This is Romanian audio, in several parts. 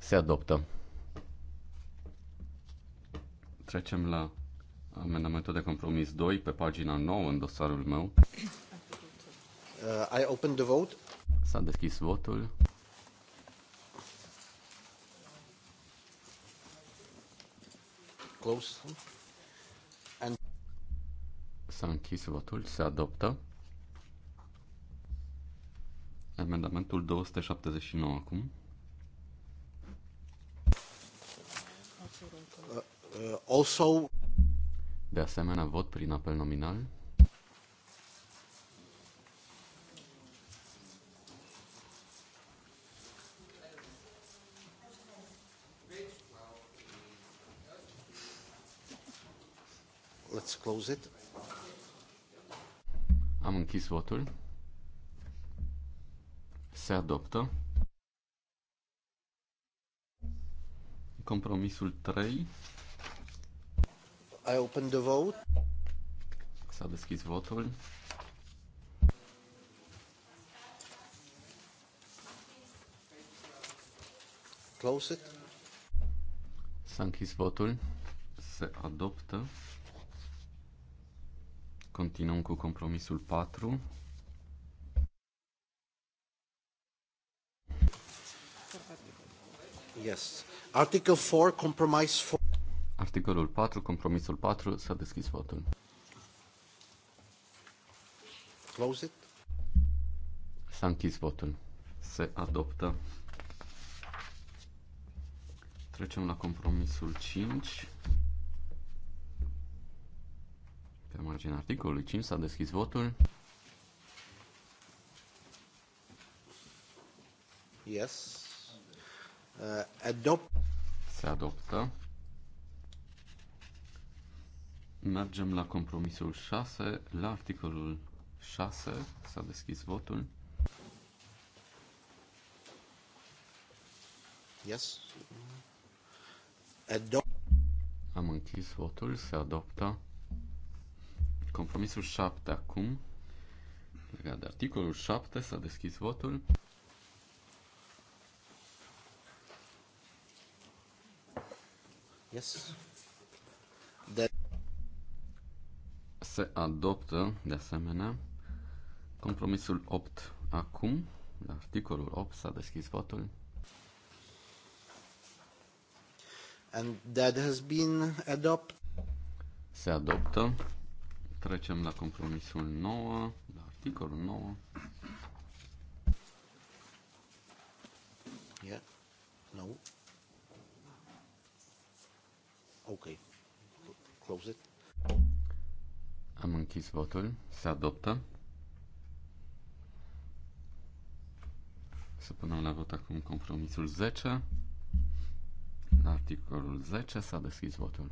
Se adoptă. Trecem la amendamentul de compromis 2 pe pagina 9 în dosarul meu. Uh, I open the vote. S-a deschis votul. Close. And... S-a închis votul, se adoptă. Amendamentul 279 acum. Uh, uh, also... De asemenea, vot prin apel nominal. Let's close it. Am închis votul se adoptă. Compromisul 3. I open the vote. S-a deschis votul. Close it. S-a închis votul. Se adoptă. Continuăm cu compromisul 4. Yes. Article 4, compromise 4. Articolul 4, compromisul 4, s-a deschis votul. Close it. S-a închis votul. Se adoptă. Trecem la compromisul 5. Pe marginea articolului 5 s-a deschis votul. Yes. Uh, se adoptă. Mergem la compromisul 6, la articolul 6 s-a deschis votul. Yes. Adop- Am închis votul, se adoptă. Compromisul 7 acum. Legat de articolul 7 s-a deschis votul. Yes. De- Se adoptă, de asemenea, compromisul 8 acum. La articolul 8 s-a deschis votul. And that has been adopt. Se adoptă. Trecem la compromisul 9, la articolul 9. Yeah. No. Ok. Close it. Am închis votul. Se adoptă. Să punem la vot acum compromisul 10. La articolul 10 s-a deschis votul.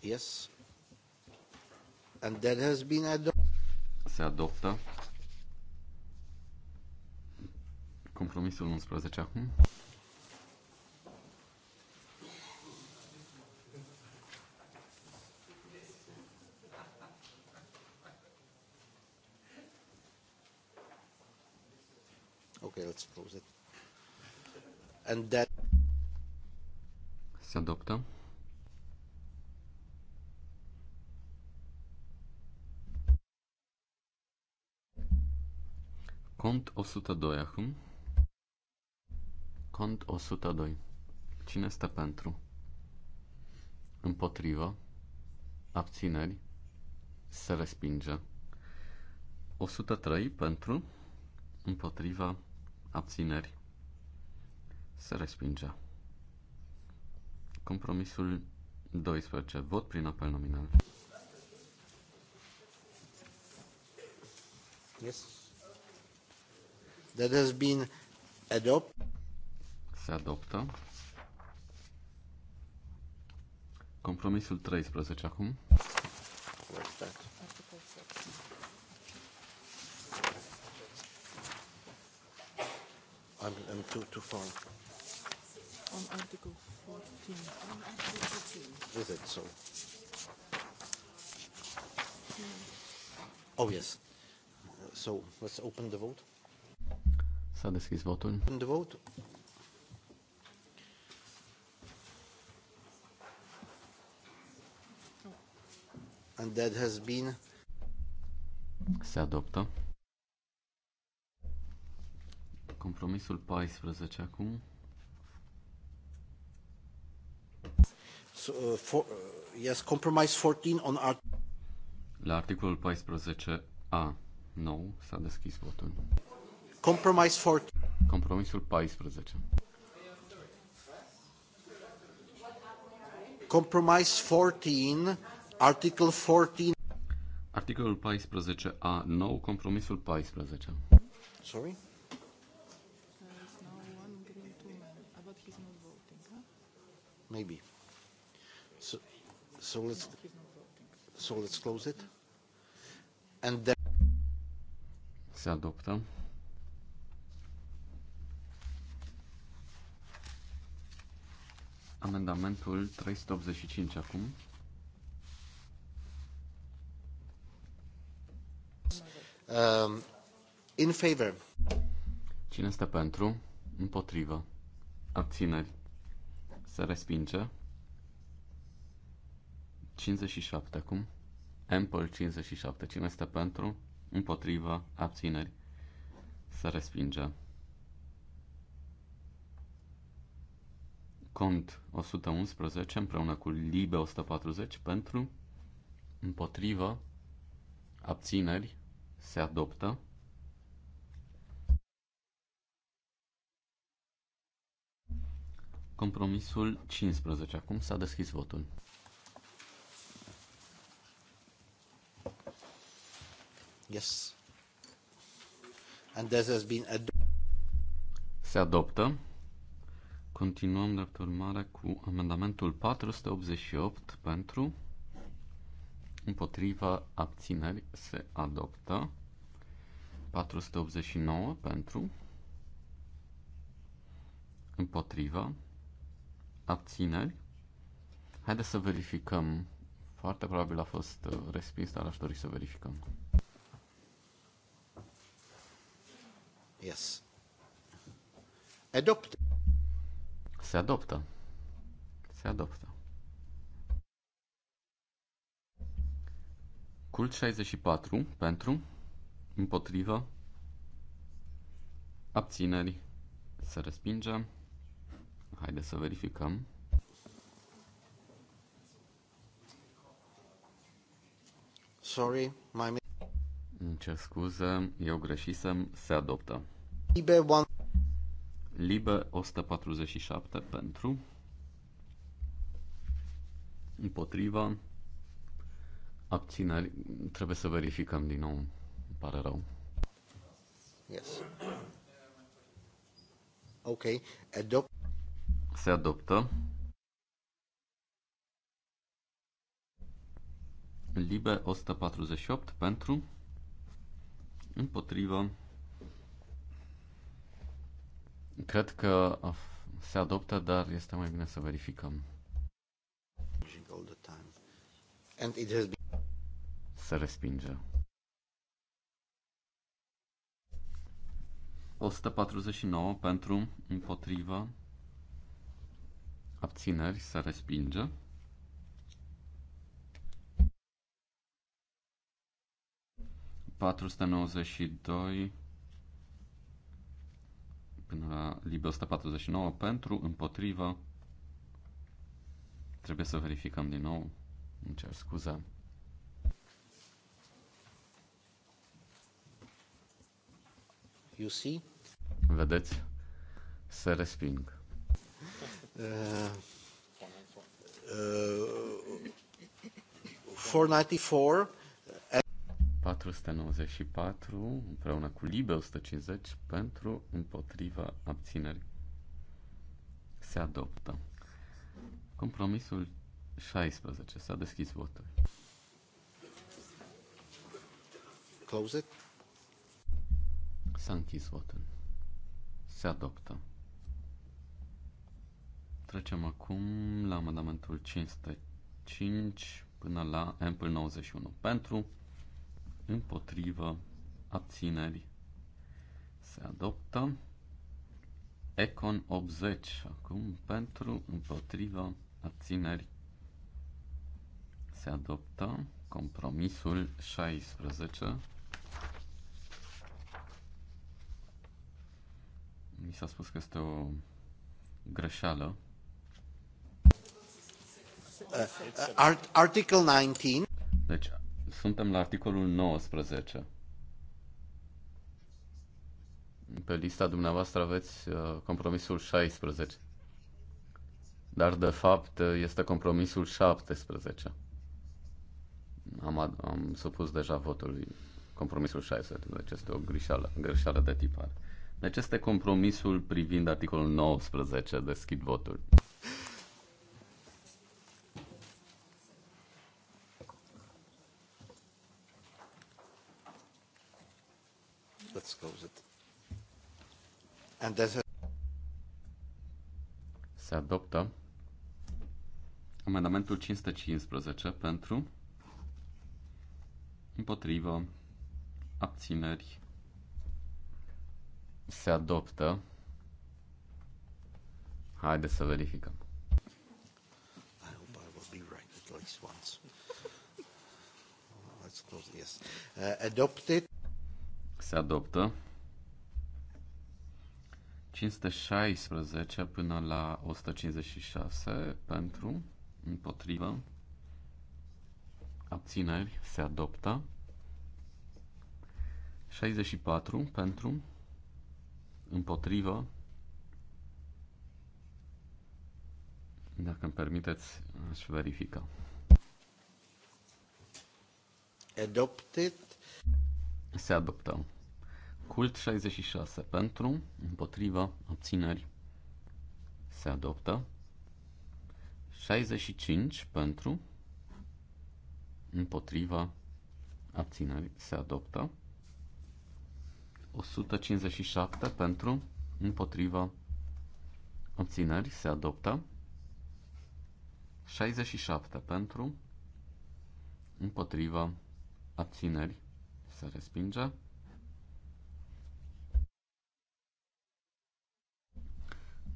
Yes. And that has been adopted. Se adoptă. Compromisul 11 acum. let's close it. And that... Se adoptă. Cont 102 acum. Cont 102. Cine este pentru? Împotrivă. Abțineri. Se respinge. 103 pentru. Împotriva abțineri, se respinge. Compromisul 12. Vot prin apel nominal. Yes. That has been adopt. Se adoptă. Compromisul 13 acum. On Article 14. On Article With it, so. Oh, yes. So, let's open the vote. S-a deschis votul. Open the vote. And that has been... Se adoptă. Compromisul 14 acum. So, uh, for, uh, yes, compromise 14 on art- La articolul 14a, nou, s-a deschis votul. Compromise 14. Compromisul 14. Compromise 14, article 14. Articolul 14a, nou, compromisul 14. Sorry? maybe. So, so let's so let's close it. And then se adoptă. Amendamentul 385 acum. Um, in favor. Cine este pentru? Împotrivă. Abțineri se respinge. 57 acum. Ample 57. Cine este pentru? Împotriva. Abțineri. Se respinge. Cont 111 împreună cu Libe 140 pentru. Împotriva. Abțineri. Se adoptă. Compromisul 15. Acum s-a deschis votul. Yes. And this has been ad- Se adoptă. Continuăm drept urmare cu amendamentul 488 pentru împotriva abțineri se adoptă 489 pentru împotriva abțineri. Haideți să verificăm. Foarte probabil a fost uh, respins, dar aș dori să verificăm. Yes. Adopt. Se adoptă. Se adoptă. Cult 64 pentru, împotrivă, abțineri, se respinge. Haideți să verificăm. Sorry, my... Ce scuză, scuze, eu greșisem, se adoptă. Libe, one... Libe 147 pentru. Împotriva. Abțineri. Trebuie să verificăm din nou. Îmi pare rău. Yes. Okay. Adopt. Se adoptă. Libe 148 pentru împotrivă. Cred că se adoptă, dar este mai bine să verificăm. Se respinge. 149 pentru împotrivă abțineri, se respinge. doi până la liber 149 pentru, împotrivă. Trebuie să verificăm din nou. Îmi cer scuze. You see? Vedeți? Se resping. 494 uh, uh, împreună cu Libe 150 pentru împotriva abținerii se adoptă. Compromisul 16 s-a deschis votul. Close it. S-a închis votul. Se adoptă. Trecem acum la amendamentul 505 până la M 91. Pentru, împotrivă, abțineri. Se adoptă. Econ 80 acum pentru, împotrivă, abțineri. Se adoptă compromisul 16. Mi s-a spus că este o greșeală Uh, art, article 19. Deci, suntem la articolul 19. Pe lista dumneavoastră aveți uh, compromisul 16. Dar, de fapt, uh, este compromisul 17. Am, am supus deja votul compromisul 16, deci este o greșeală, greșeală de tipar. Deci este compromisul privind articolul 19, deschid votul. Se adoptă amendamentul 515 pentru împotrivă abțineri se adoptă. Haideți să verificăm. I hope I will be right at least once. Let's close this. Uh, adopted se adoptă. 516 până la 156 pentru, împotrivă, abțineri se adoptă. 64 pentru, împotrivă, dacă îmi permiteți, aș verifica. Adopted se adoptă. Cult 66 pentru, împotriva, abțineri, se adoptă. 65 pentru, împotriva, abțineri, se adoptă. 157 pentru, împotriva, abțineri, se adoptă. 67 pentru, împotriva, abțineri, se respinge.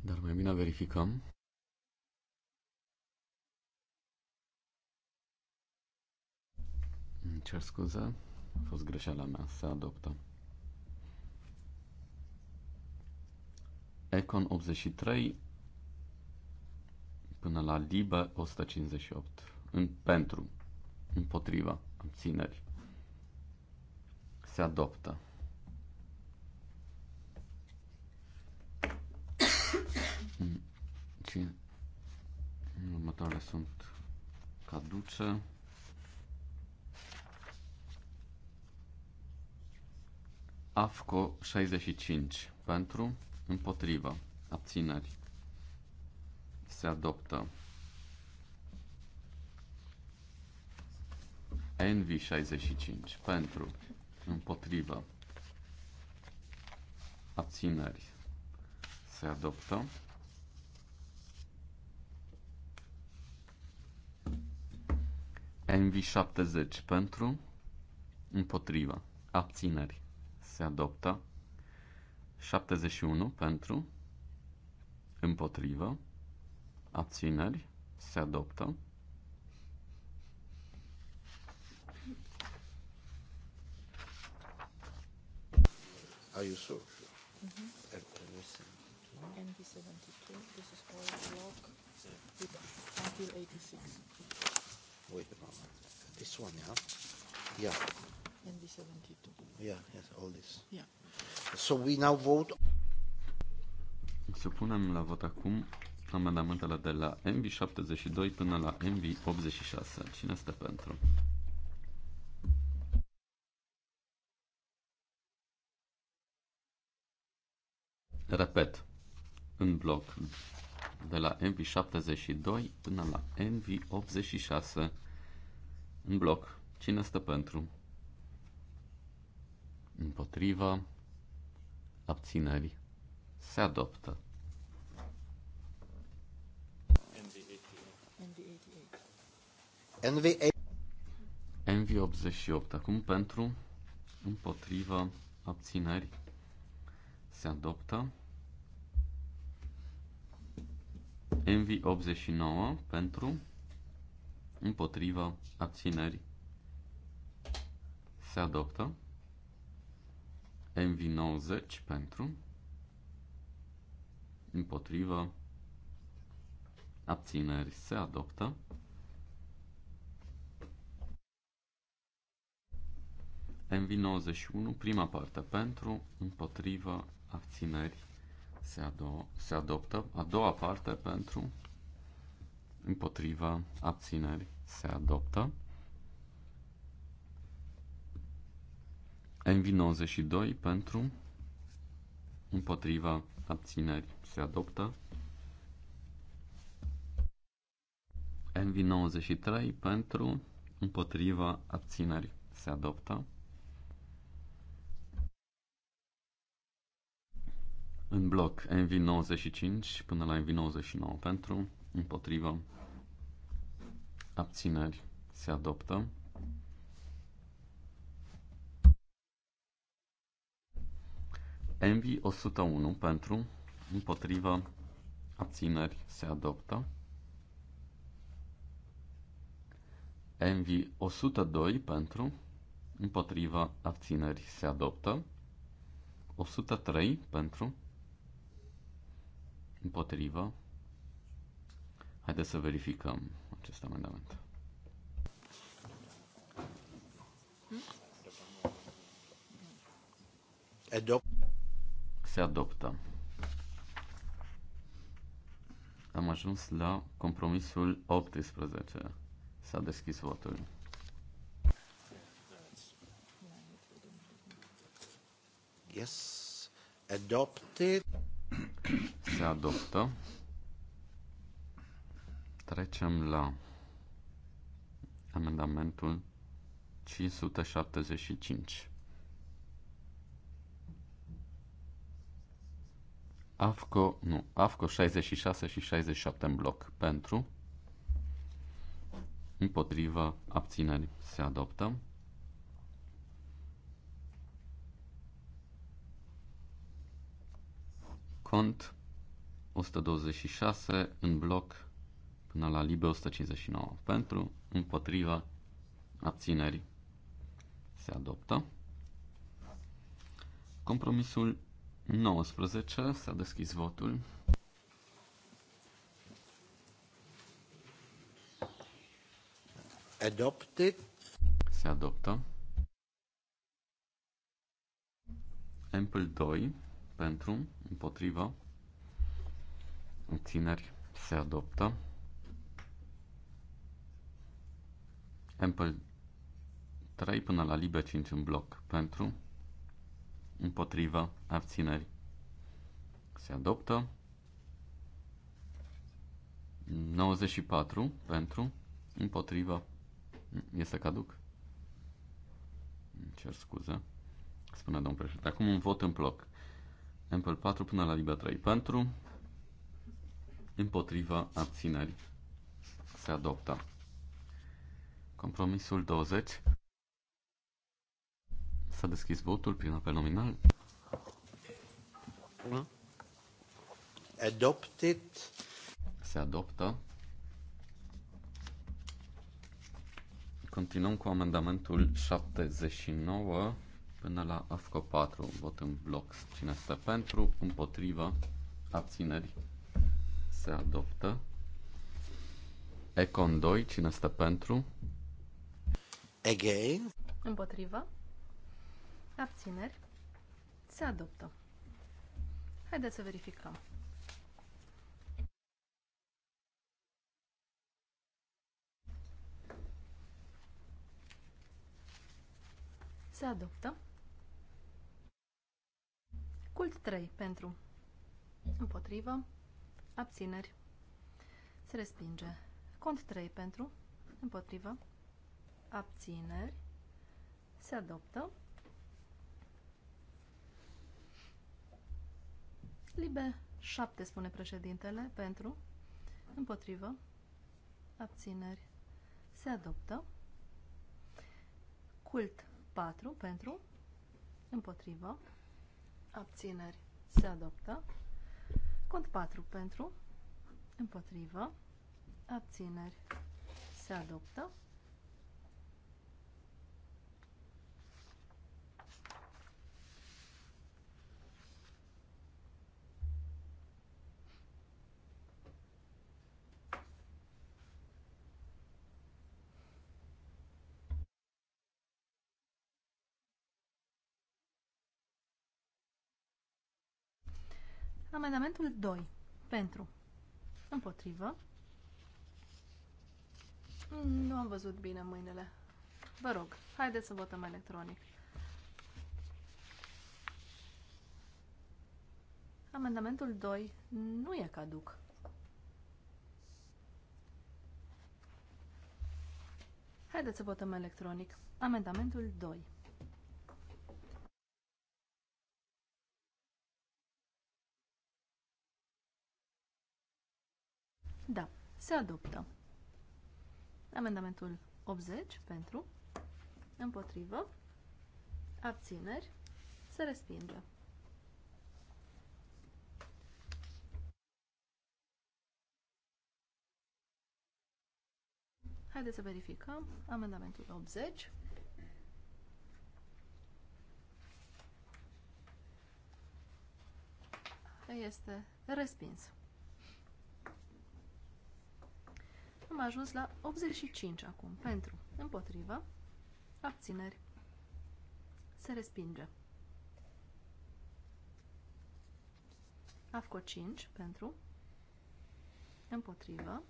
Dar mai bine verificăm. Îmi cer scuze, a fost greșeala mea, se adoptă. Econ 83 până la Libe 158. În, pentru, împotriva, abțineri, se adoptă. Următoarele sunt caduce. AFCO 65 pentru, împotriva, abțineri. Se adoptă. NV 65 pentru, împotrivă, abțineri, se adoptă. NV70 pentru, împotrivă, abțineri, se adoptă. 71 pentru, împotrivă, abțineri, se adoptă. Are you sure? sure. Mm-hmm. And NB 72, this is all block until 86. Wait a moment. This one, yeah? Yeah. NB 72. Yeah, yes, all this. Yeah. So we now vote. Să punem la vot acum amendamentele de la MV72 până la MV86. Cine este pentru? Repet, în bloc de la MV72 până la MV86 în bloc. Cine stă pentru? Împotriva abținerii se adoptă. nv 88. NV88. Acum pentru împotriva abținerii se adoptă. MV 89 pentru împotriva abțineri se adoptă. MV 90 pentru împotriva abțineri se adoptă. MV91, prima parte pentru, împotriva, abțineri se, ado- se adoptă. A doua parte pentru, împotriva, abțineri, se adoptă. NV92 pentru, împotriva, abțineri, se adoptă. NV93 pentru, împotriva, abțineri, se adoptă. în bloc NV95 până la NV99 pentru, împotrivă, abțineri se adoptă. Envy 101 pentru, împotrivă, abțineri se adoptă. Envy 102 pentru, împotriva abțineri se adoptă. 103 pentru, Împotrivă. Haideți să verificăm acest amendament. Adop. Se adoptă. Am ajuns la compromisul 18. S-a deschis votul. Yes, adopted. se adoptă. Trecem la amendamentul 575. AFCO, nu, AFCO 66 și 67 în bloc pentru, împotriva abțineri se adoptă. Cont 126 în bloc până la libe 159 pentru, împotriva, abțineri se adoptă. Compromisul 19 s-a deschis votul. Adopted. Se adoptă. Ample 2 pentru, împotriva, tineri se adoptă. Ample 3 până la Libe 5 în bloc pentru, împotriva, abțineri. Se adoptă. 94 pentru, împotriva, este caduc. cer scuze, spune domnul președinte. Acum un vot în bloc. Ample 4 până la Libe 3 pentru, împotriva abțineri se adoptă. Compromisul 20. S-a deschis votul prin apel nominal. Adopted. Se adoptă. Continuăm cu amendamentul 79 până la AFCO 4. Vot în bloc. Cine este pentru, împotriva, abțineri se adoptă. Econ 2, cine stă pentru? Again. Împotrivă. Abțineri. Se adoptă. Haideți să verificăm. Se adoptă. Cult 3 pentru. Împotrivă abțineri, se respinge. Cont 3 pentru, împotrivă, abțineri, se adoptă. Libe 7, spune președintele, pentru, împotrivă, abțineri, se adoptă. Cult 4, pentru, împotrivă, abțineri, se adoptă. Cont 4 pentru, împotrivă, abțineri se adoptă. Amendamentul 2. Pentru. Împotrivă. Nu am văzut bine mâinile. Vă rog, haideți să votăm electronic. Amendamentul 2 nu e caduc. Haideți să votăm electronic. Amendamentul 2. Da, se adoptă. Amendamentul 80 pentru, împotrivă, abțineri, se respinge. Haideți să verificăm amendamentul 80. Este respins. Am ajuns la 85 acum. Pentru, împotrivă, abțineri. Se respinge. AFCO 5 pentru, împotrivă,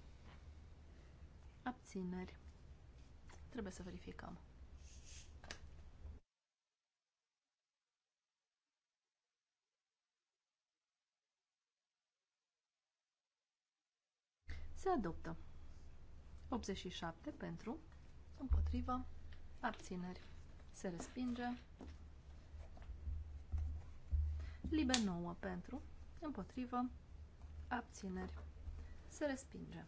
abțineri. Trebuie să verificăm. Se adoptă. 87 pentru, împotrivă, abțineri, se respinge. Libe 9 pentru, împotrivă, abțineri, se respinge.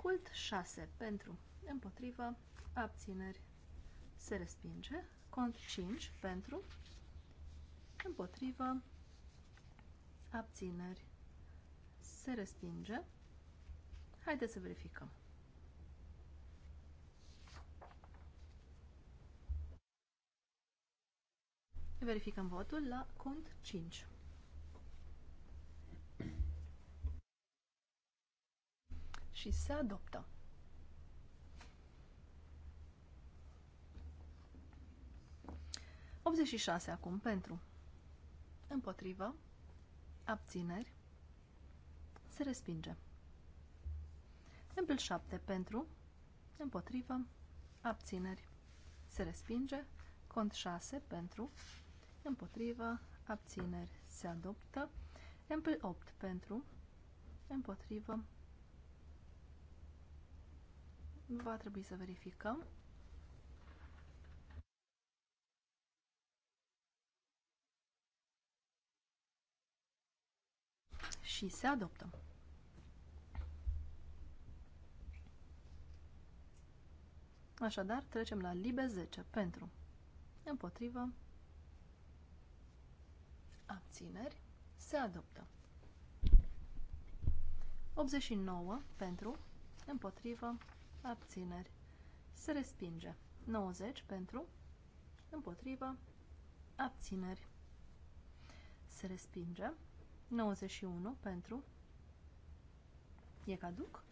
Cult 6 pentru, împotrivă, abțineri, se respinge. Cont 5 pentru, împotrivă, abțineri, se respinge. Haideți să verificăm. Verificăm votul la cont 5. Și se adoptă. șase acum pentru împotrivă abțineri se respinge. Tempel 7 pentru, împotrivă, abțineri. Se respinge. Cont 6 pentru, împotrivă, abțineri se adoptă. Ample 8 pentru, împotrivă, va trebui să verificăm. Și se adoptă. Așadar, trecem la libe 10 pentru, împotrivă, abțineri, se adoptă. 89 pentru, împotrivă, abțineri, se respinge. 90 pentru, împotrivă, abțineri, se respinge. 91 pentru, e caduc.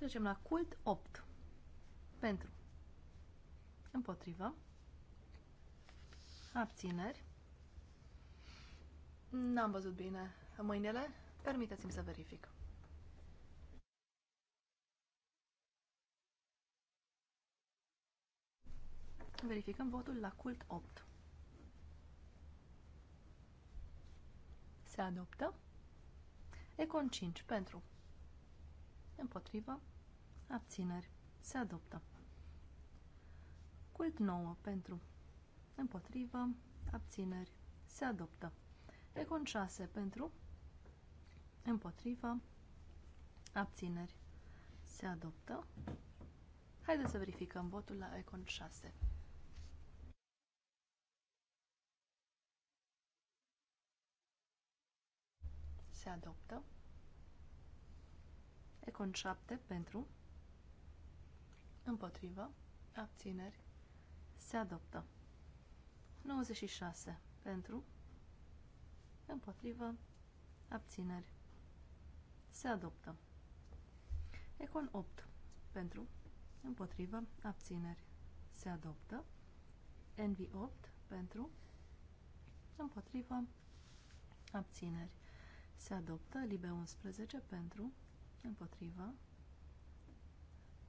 Trecem la cult 8. Pentru. Împotrivă. Abțineri. N-am văzut bine mâinile. Permiteți-mi să verific. Verificăm votul la cult 8. Se adoptă. Econ 5 pentru. Împotrivă abțineri, se adoptă. Cult 9 pentru, împotrivă, abțineri, se adoptă. Econ 6 pentru, împotrivă, abțineri, se adoptă. Haideți să verificăm votul la Econ 6. Se adoptă. Econ 7 pentru Împotrivă. Abțineri. Se adoptă. 96. Pentru. Împotrivă. Abțineri. Se adoptă. Econ 8. Pentru. Împotrivă. Abțineri. Se adoptă. Envy 8. Pentru. Împotrivă. Abțineri. Se adoptă. Libe 11. Pentru. Împotrivă.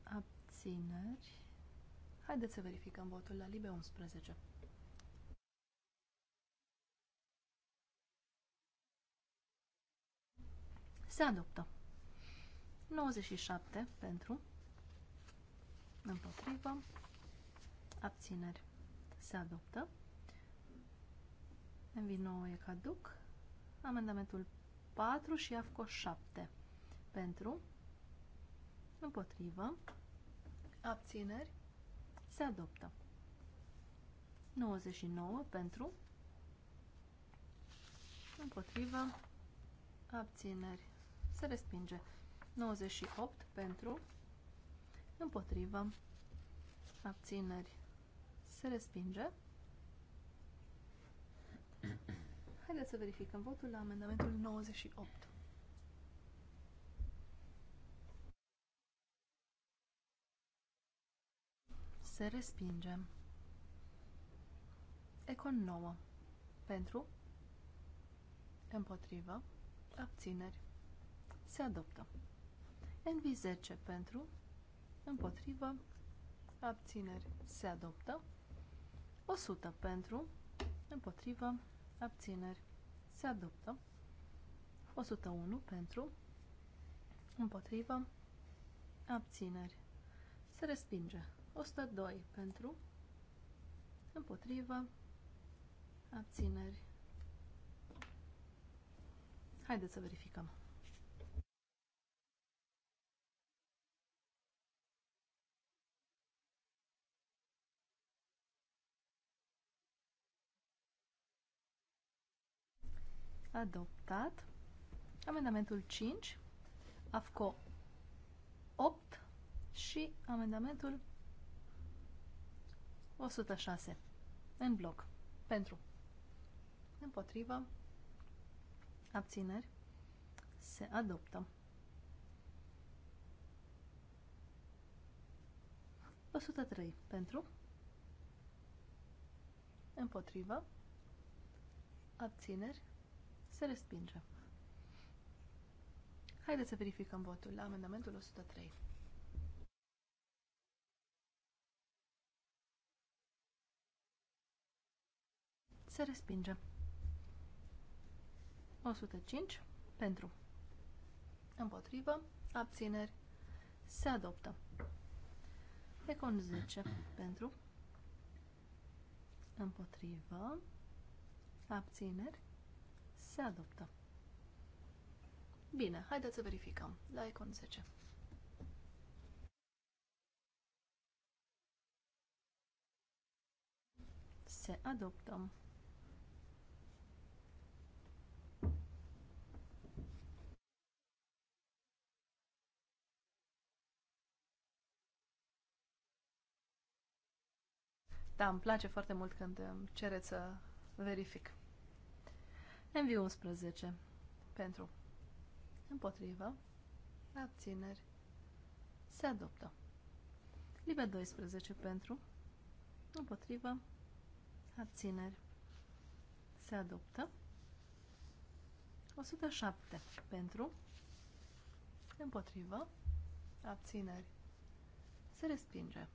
Abțineri abțineri. Haideți să verificăm votul la Libe 11. Se adoptă. 97 pentru, împotrivă, abțineri. Se adoptă. MV9 e caduc. Amendamentul 4 și AFCO 7 pentru, împotrivă, abțineri, se adoptă. 99 pentru, împotrivă, abțineri, se respinge. 98 pentru, împotrivă, abțineri, se respinge. Haideți să verificăm votul la amendamentul 98. se respinge. Econ 9. Pentru, împotrivă, abțineri, se adoptă. NV 10 pentru, împotrivă, abțineri, se adoptă. 100 pentru, împotrivă, abțineri, se adoptă. 101 pentru, împotrivă, abțineri, se respinge. 102 pentru, împotrivă, abțineri. Haideți să verificăm. Adoptat. Amendamentul 5, AFCO 8 și amendamentul 106. În bloc. Pentru. Împotrivă. Abțineri. Se adoptă. 103. Pentru. Împotrivă. Abțineri. Se respinge. Haideți să verificăm votul la amendamentul 103. Se respinge. 105 pentru. Împotrivă. Abțineri. Se adoptă. Econ 10 pentru. Împotrivă. Abțineri. Se adoptă. Bine, haideți să verificăm. La Econ 10. Se adoptă. Da, îmi place foarte mult când îmi cereți să verific. MV11. Pentru. Împotrivă. Abțineri. Se adoptă. Libe 12 pentru. Împotrivă. Abțineri. Se adoptă. 107 pentru. Împotrivă. Abțineri. Se respinge.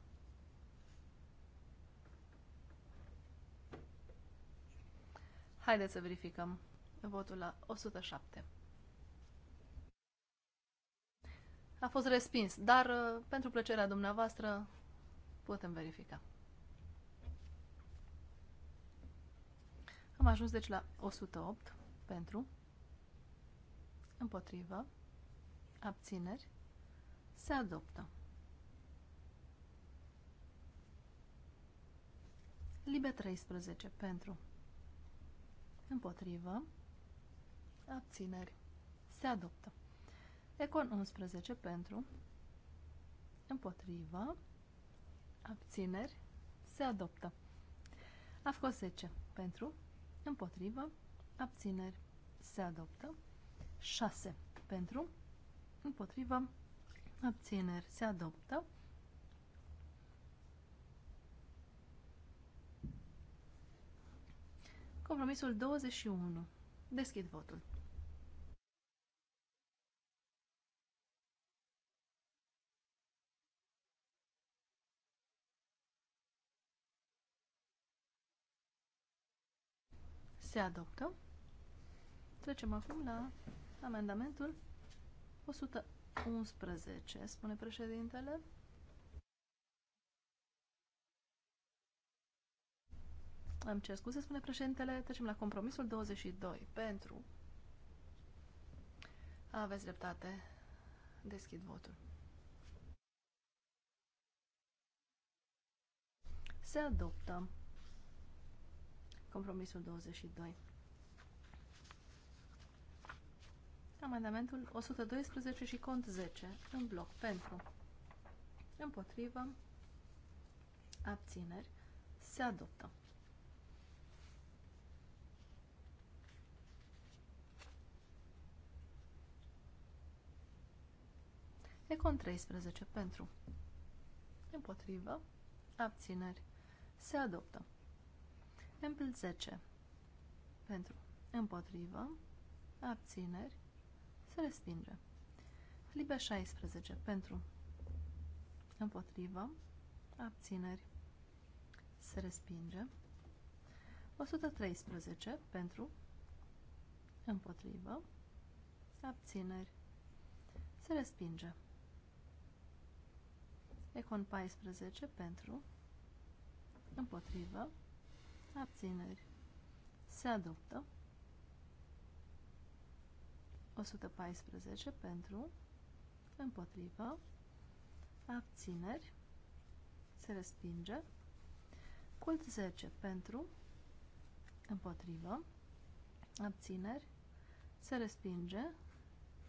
Haideți să verificăm votul la 107. A fost respins, dar uh, pentru plăcerea dumneavoastră putem verifica. Am ajuns deci la 108 pentru, împotrivă, abțineri, se adoptă. Libe 13 pentru, Împotrivă. Abțineri. Se adoptă. Econ 11 pentru. Împotrivă. Abțineri. Se adoptă. AFCO 10 pentru. Împotrivă. Abțineri. Se adoptă. 6 pentru. Împotrivă. Abțineri. Se adoptă. Compromisul 21. Deschid votul. Se adoptă. Trecem acum la amendamentul 111, spune președintele. Îmi cer scuze, spune președintele. Trecem la compromisul 22. Pentru. Aveți dreptate. Deschid votul. Se adoptă compromisul 22. Amendamentul 112 și cont 10 în bloc pentru împotrivă abțineri se adoptă. Econ 13 pentru. Împotrivă. Abțineri. Se adoptă. Empl 10 pentru. Împotrivă. Abțineri. Se respinge. Libe 16 pentru. Împotrivă. Abțineri. Se respinge. 113 pentru. Împotrivă. Abțineri. Se respinge. Econ 14 pentru, împotrivă, abțineri. Se adoptă. 114 pentru, împotrivă, abțineri. Se respinge. Cult 10 pentru, împotrivă, abțineri. Se respinge.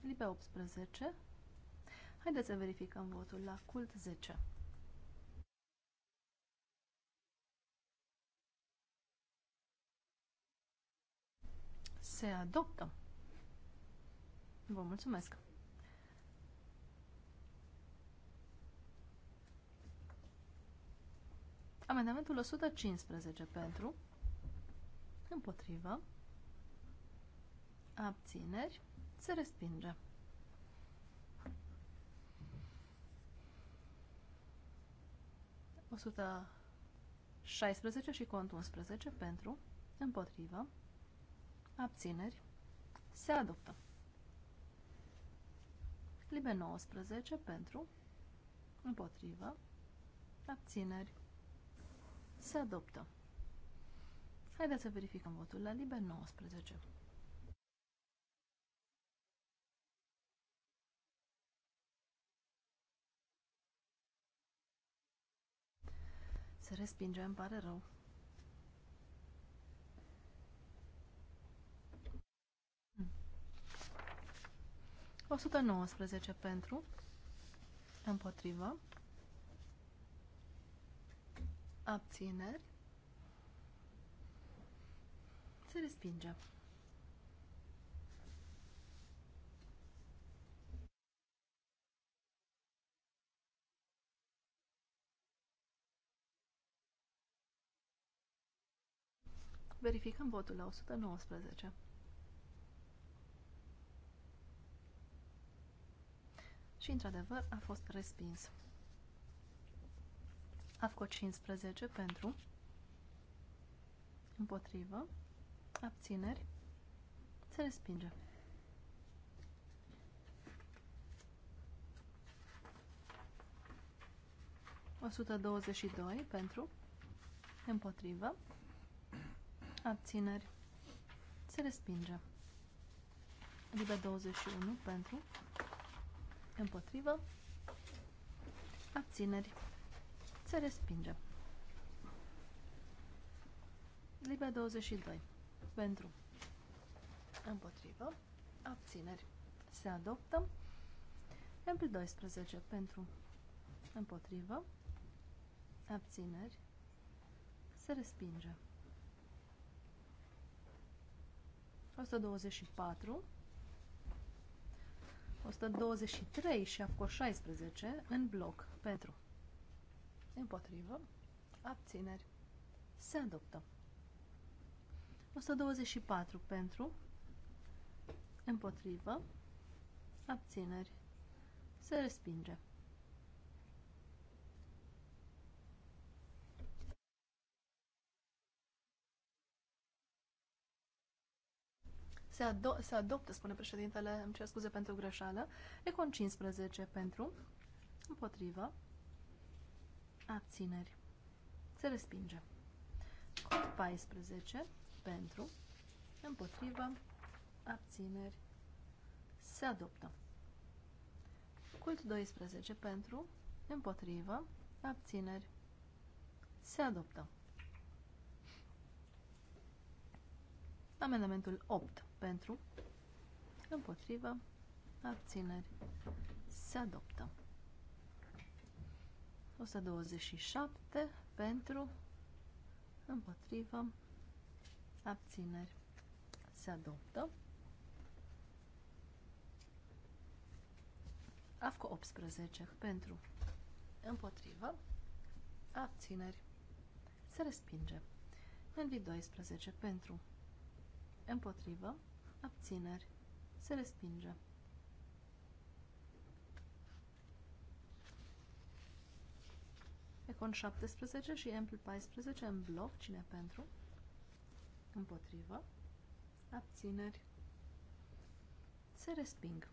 Libe 18 Haideți să verificăm votul la cult 10. Se adoptă. Vă mulțumesc. Amendamentul 115 pentru, împotrivă, abțineri, se respinge. 116 și cont 11 pentru, împotrivă, abțineri, se adoptă. Libe 19 pentru, împotrivă, abțineri, se adoptă. Haideți să verificăm votul la Libe 19. Se respinge, îmi pare rău. Hmm. 119 pentru, împotrivă, abțineri, se respinge. Verificăm votul la 119. Și, într-adevăr, a fost respins. A fost 15 pentru, împotrivă, abțineri, se respinge. ...122 pentru, împotrivă, abțineri, se respinge. Libe 21 pentru, împotrivă, abțineri, se respinge. Libe 22 pentru, împotrivă, abțineri, se adoptă. MP12 pentru, împotrivă, abțineri, se respinge. 124, 123 și AFCO 16 în bloc pentru. Împotrivă. Abțineri. Se adoptă. 124 pentru. Împotrivă. Abțineri. Se respinge. Se, ado- se adoptă, spune președintele, îmi cer scuze pentru greșeală, Econ 15 pentru, împotrivă, abțineri. Se respinge. Cod 14 pentru, împotrivă, abțineri. Se adoptă. Cult 12 pentru, împotrivă, abțineri. Se adoptă. Amendamentul 8 pentru, împotrivă, abțineri, se adoptă. 127 pentru, împotrivă, abțineri, se adoptă. AFCO 18 pentru, împotrivă, abțineri, se respinge. NV12 pentru, Împotrivă. Abțineri. Se respinge. Econ 17 și Ampl 14 în bloc. Cine pentru? Împotrivă. Abțineri. Se resping.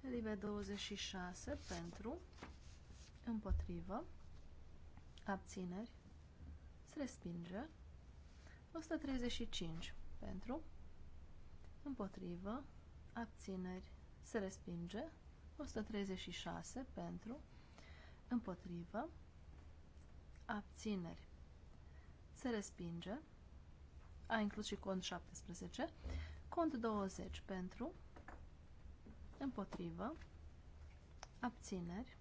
Live 26 pentru. Împotrivă. Abțineri. Se respinge. 135 pentru, împotrivă, abțineri, se respinge. 136 pentru, împotrivă, abțineri, se respinge. A inclus și cont 17. Cont 20 pentru, împotrivă, abțineri,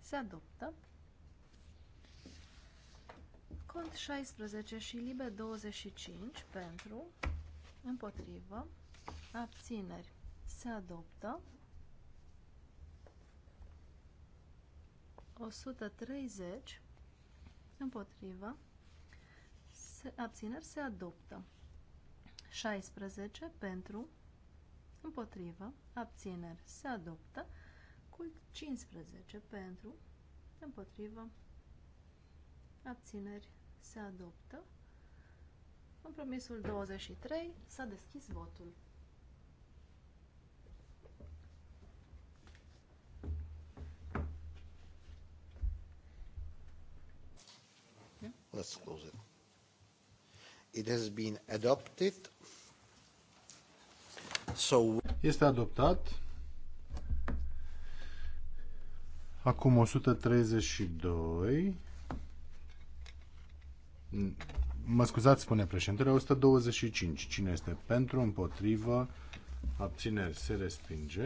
se adoptă. Cont 16 și Libe 25 pentru, împotrivă, abțineri se adoptă. 130 împotrivă, se, abțineri se adoptă. 16 pentru, împotrivă, abțineri se adoptă. cu 15 pentru, împotrivă, abțineri se adoptă. Compromisul 23 s-a deschis votul. Let's close it. It has been adopted. So... Este adoptat. Acum 132. Mă scuzați, spune președintele, 125. Cine este pentru, împotrivă, abțineri, se respinge.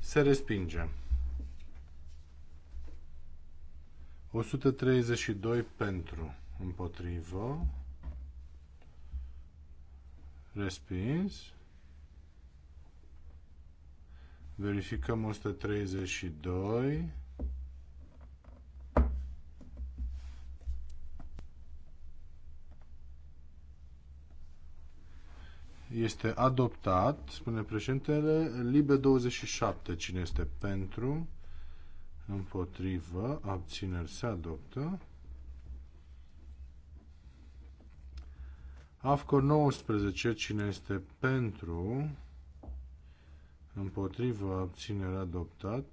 Se respinge. 132 pentru, împotrivă, respins. Verificăm 132. Este adoptat, spune președintele, Libe 27. Cine este pentru? Împotrivă, abțineri se adoptă. AFCO 19, cine este pentru, împotrivă, abținere, adoptat.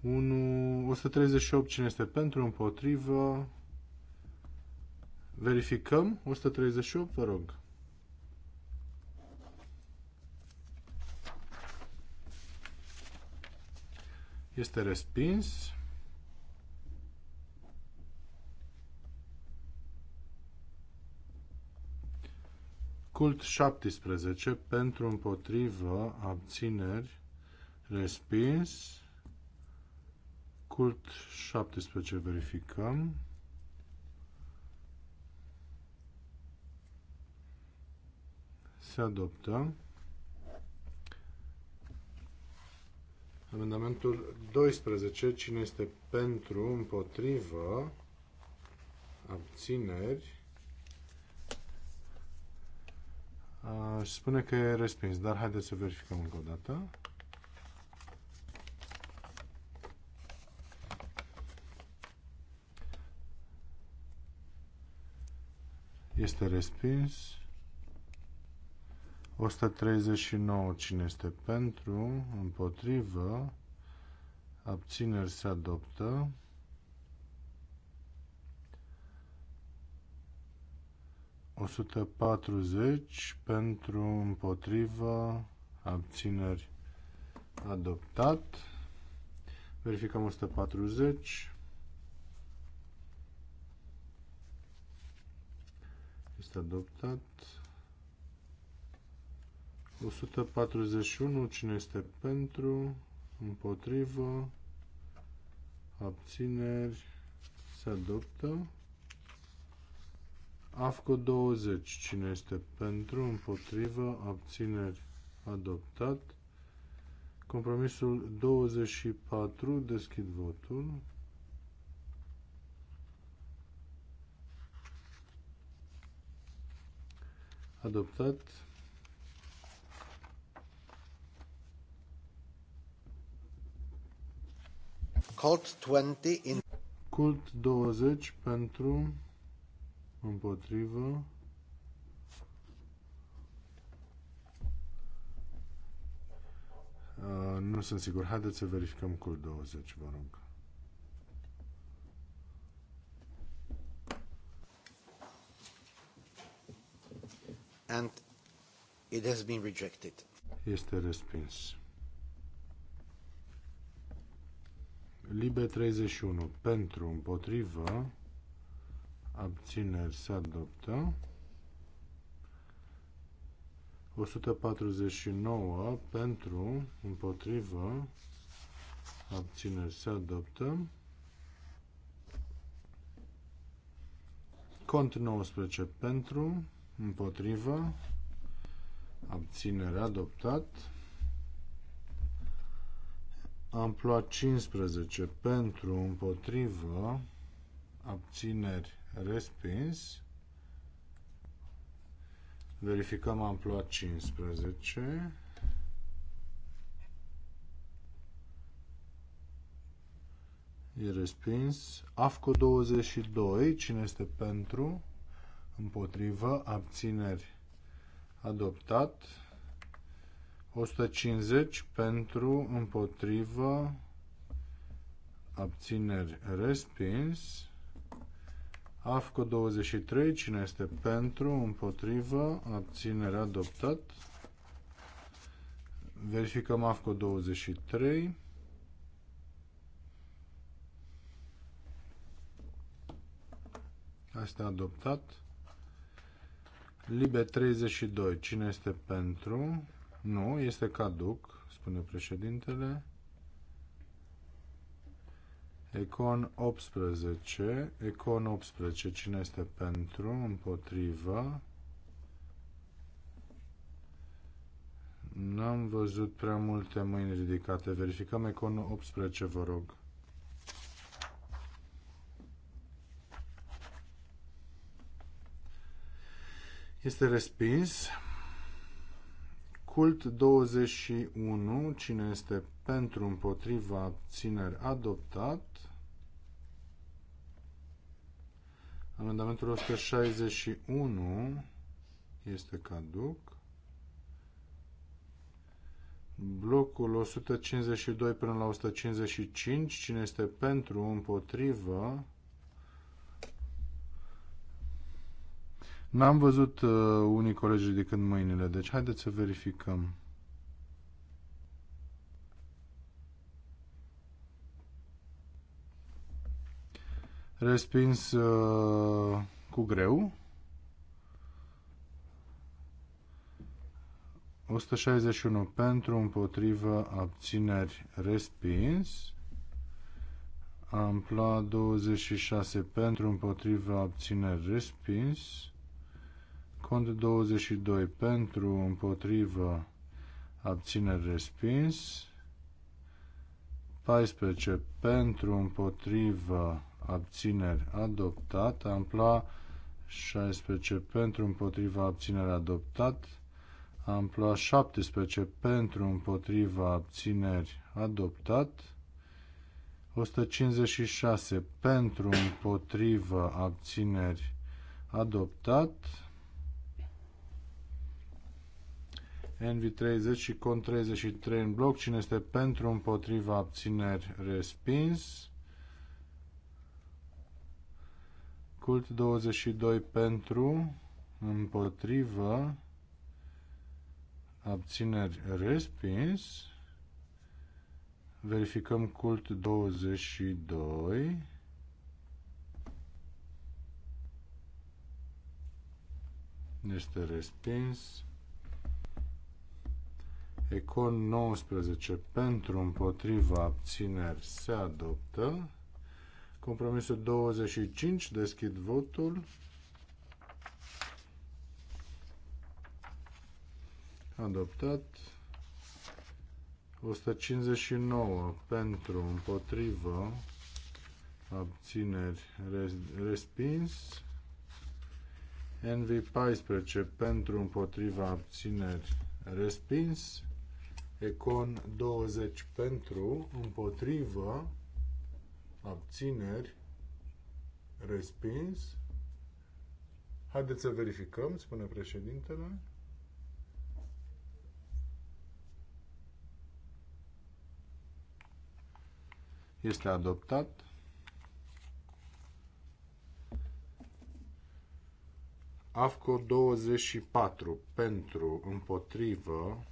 1, 138, cine este pentru, împotrivă, verificăm, 138, vă rog. Este respins. Cult 17 pentru împotrivă abțineri respins. Cult 17 verificăm. Se adoptă. Amendamentul 12. Cine este pentru, împotrivă, abțineri, și spune că e respins, dar haideți să verificăm încă o dată. Este respins. 139 cine este pentru, împotrivă, abțineri se adoptă. 140 pentru împotrivă abțineri adoptat verificăm 140 este adoptat 141 cine este pentru împotrivă abțineri se adoptă AFCO 20. Cine este pentru, împotrivă, abțineri, adoptat. Compromisul 24. Deschid votul. Adoptat. Cult 20 in Cult 20 pentru împotrivă, Uh, nu sunt sigur. Haideți să verificăm cu 20, vă rog. And it has been rejected. Este respins. Libe 31. Pentru, împotrivă, abțineri se adoptă. 149 pentru, împotrivă, abțineri se adoptă. Cont 19 pentru, împotrivă, abținere adoptat. Amploa 15 pentru, împotrivă, abțineri respins. Verificăm amploa 15. E respins. AFCO 22. Cine este pentru? Împotrivă. Abțineri. Adoptat. 150 pentru, împotrivă, abțineri, respins. AFCO 23, cine este pentru, împotrivă, abținere adoptat. Verificăm AFCO 23. Asta adoptat. Libe 32. Cine este pentru? Nu, este caduc, spune președintele. Econ 18, Econ 18, cine este pentru, împotrivă? N-am văzut prea multe mâini ridicate. Verificăm Econ 18, vă rog. Este respins. Cult 21, cine este pentru împotriva abțineri adoptat. Amendamentul 161 este caduc. Blocul 152 până la 155, cine este pentru, împotrivă. N-am văzut uh, unii colegi ridicând mâinile, deci haideți să verificăm. Respins uh, cu greu. 161 pentru, împotrivă, abțineri, respins. Ampla 26 pentru, împotrivă, abțineri, respins. Cont 22 pentru, împotrivă, abțineri, respins. 14 pentru, împotrivă, abțineri adoptat, ampla 16 pentru împotriva abțineri adoptat, ampla 17 pentru împotriva abțineri adoptat, 156 pentru împotriva abțineri adoptat, NV30 și CON33 în bloc, cine este pentru împotriva abțineri respins, Cult 22 pentru, împotrivă, abțineri respins. Verificăm cult 22. Este respins. Econ 19 pentru împotriva abțineri se adoptă. Compromisul 25, deschid votul. Adoptat. 159 pentru, împotrivă, abțineri, respins. NV14 pentru, împotriva, abțineri, respins. Econ 20 pentru, împotrivă, abțineri, respins. Haideți să verificăm, spune președintele. Este adoptat. AFCO 24 pentru, împotrivă,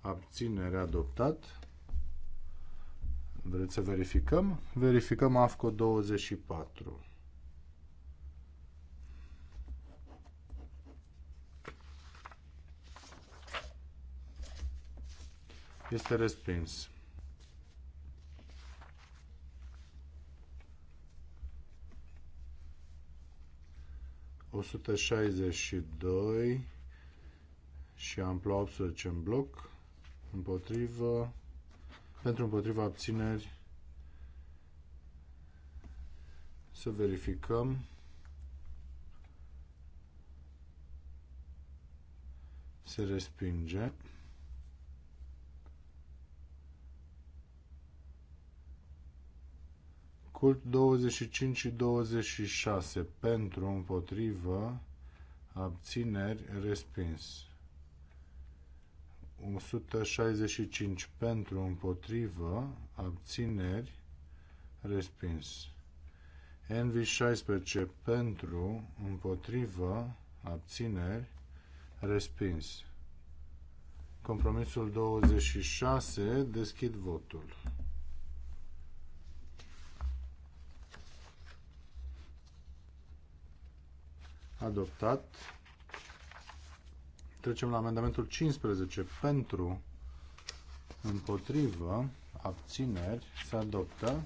abținere adoptat. Vreți să verificăm? Verificăm AFCO 24. Este respins. O sută șaizeci și doi și amploa 18 în bloc împotrivă pentru împotriva abțineri să verificăm se respinge cult 25 și 26 pentru împotrivă abțineri respins 165 pentru împotrivă, abțineri, respins. nv 16 pentru împotrivă, abțineri, respins. Compromisul 26, deschid votul. Adoptat. Trecem la amendamentul 15. Pentru, împotrivă, abțineri, se adoptă.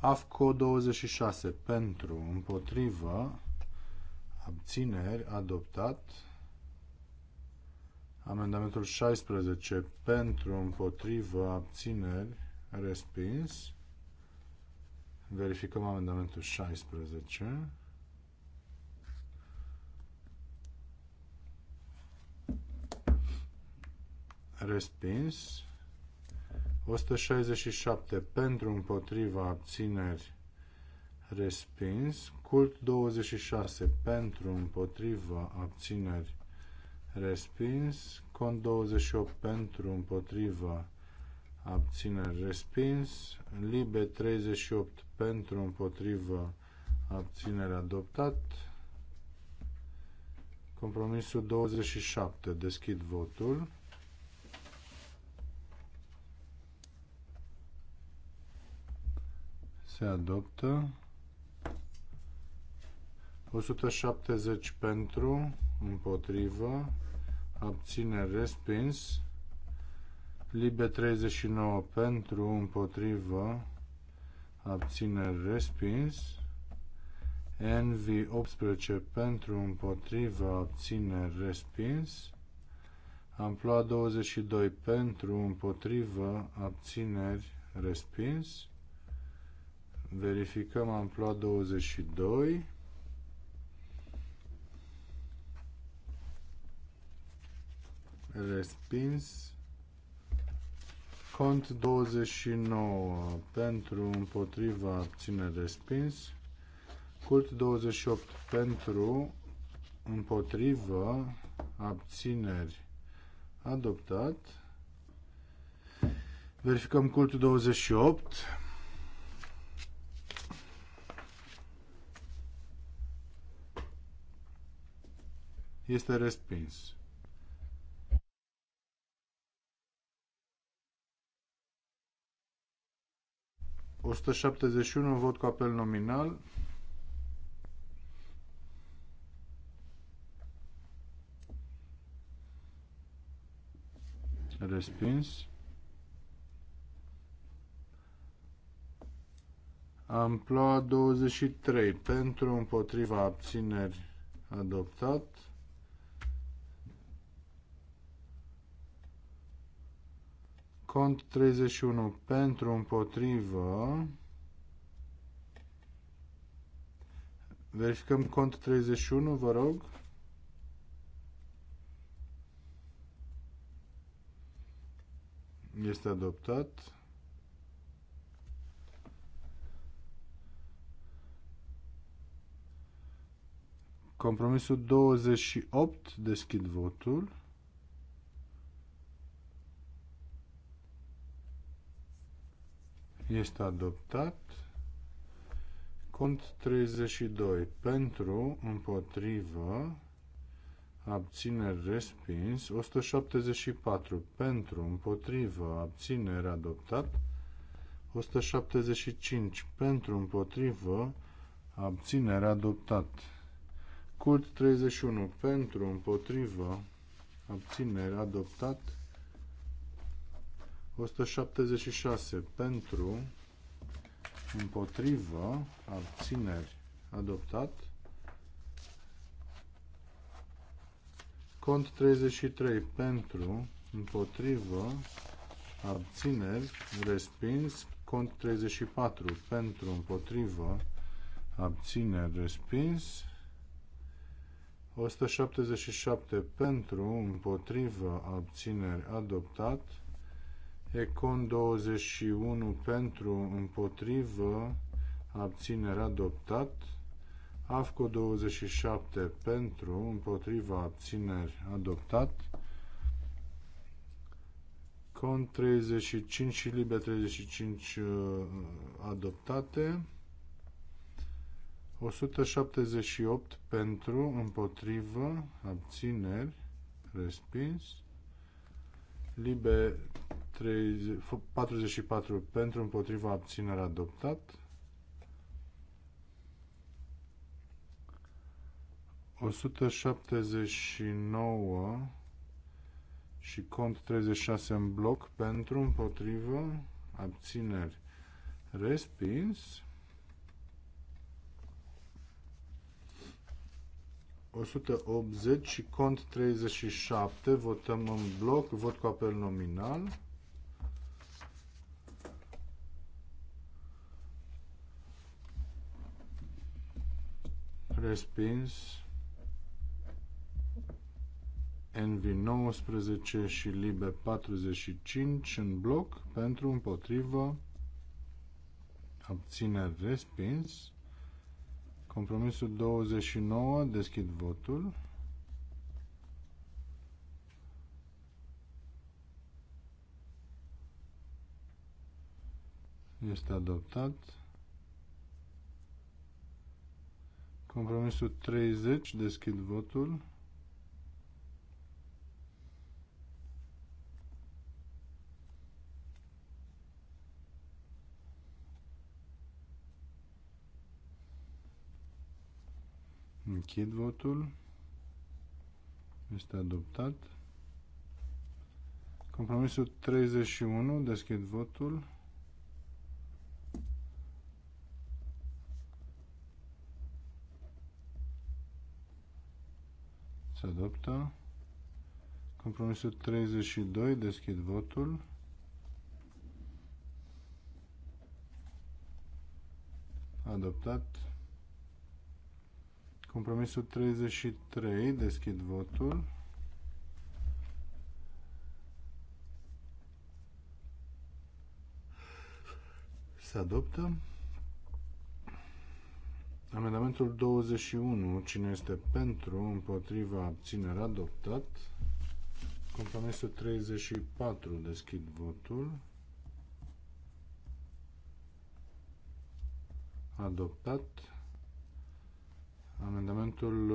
AFCO 26. Pentru, împotrivă, abțineri, adoptat. Amendamentul 16. Pentru, împotrivă, abțineri, respins. Verificăm amendamentul 16. respins. 167 pentru împotriva abțineri respins. Cult 26 pentru împotriva abțineri respins. Cont 28 pentru împotriva abțineri respins. Libe 38 pentru împotriva abțineri adoptat. Compromisul 27 deschid votul. se adoptă. 170 pentru, împotrivă, abține respins. Libe 39 pentru, împotrivă, abține respins. NV 18 pentru, împotrivă, abține respins. Amploa 22 pentru, împotrivă, abțineri respins. Verificăm amploa 22. Respins. Cont 29 pentru împotriva ține respins. Cult 28 pentru împotrivă abțineri adoptat. Verificăm cultul 28. Este respins. ...171 vot cu apel nominal. Respins. Amploa 23. Pentru împotriva abțineri adoptat. Cont 31 pentru împotrivă. Verificăm cont 31, vă rog. Este adoptat. Compromisul 28, deschid votul. este adoptat. Cont 32 pentru, împotrivă, abțineri respins, 174 pentru, împotrivă, abțineri adoptat, 175 pentru, împotrivă, abțineri adoptat. Cult 31 pentru, împotrivă, abțineri adoptat, 176 pentru, împotrivă, abțineri, adoptat. Cont 33 pentru, împotrivă, abțineri, respins. Cont 34 pentru, împotrivă, abțineri, respins. 177 pentru, împotrivă, abțineri, adoptat. Econ 21 pentru, împotrivă, abținere adoptat. AFCO 27 pentru, împotriva, abțineri adoptat. Con 35 și Libe 35 uh, adoptate. 178 pentru, împotrivă, abțineri, respins. Libe 44 pentru, împotriva, abținere adoptat. 179 și cont 36 în bloc pentru, împotrivă, abțineri respins. 180 și cont 37. Votăm în bloc. Vot cu apel nominal. Respins. NV19 și Libe 45 în bloc pentru împotrivă Abține respins Compromisul 29, deschid votul. Este adoptat. Compromisul 30, deschid votul. Închid votul. Este adoptat. Compromisul 31. Deschid votul. Se adoptă. Compromisul 32. Deschid votul. Adoptat. Compromisul 33, deschid votul. Se adoptă. Amendamentul 21, cine este pentru, împotriva, abținere, adoptat. Compromisul 34, deschid votul. Adoptat. Amendamentul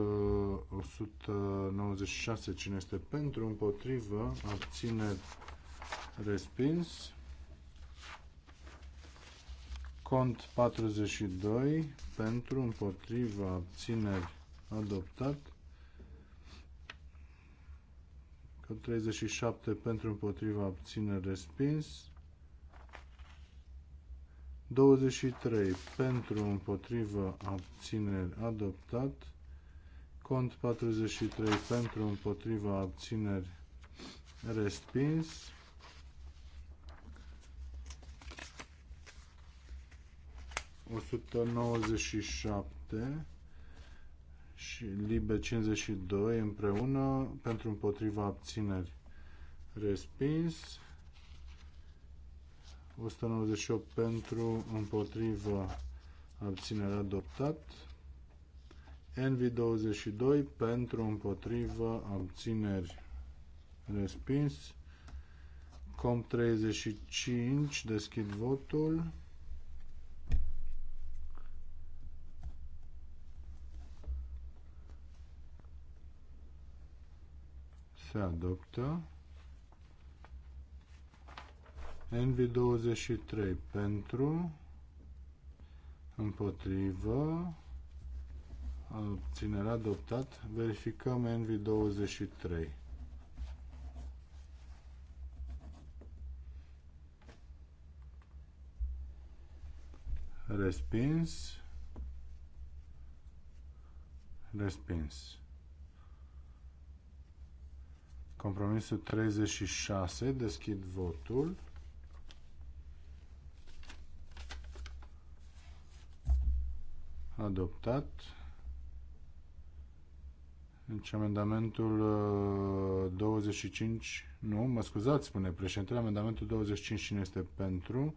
196, uh, cine este pentru, împotrivă, abține respins. Cont 42, pentru, împotrivă, abține adoptat. Cont 37, pentru, împotrivă, abține respins. 23 pentru împotrivă abțineri adoptat. Cont 43 pentru împotrivă abțineri respins. O 197 și libe 52 împreună pentru împotriva abțineri respins. 198 pentru, împotrivă, abținere adoptat. NV22 pentru, împotrivă, abțineri respins. Com 35, deschid votul. Se adoptă. NV23 pentru, împotrivă, obținerea adoptat. Verificăm NV23. Respins. Respins. Compromisul 36. Deschid votul. adoptat. Deci amendamentul 25, uh, nu, mă scuzați, spune președintele, amendamentul 25 cine este pentru,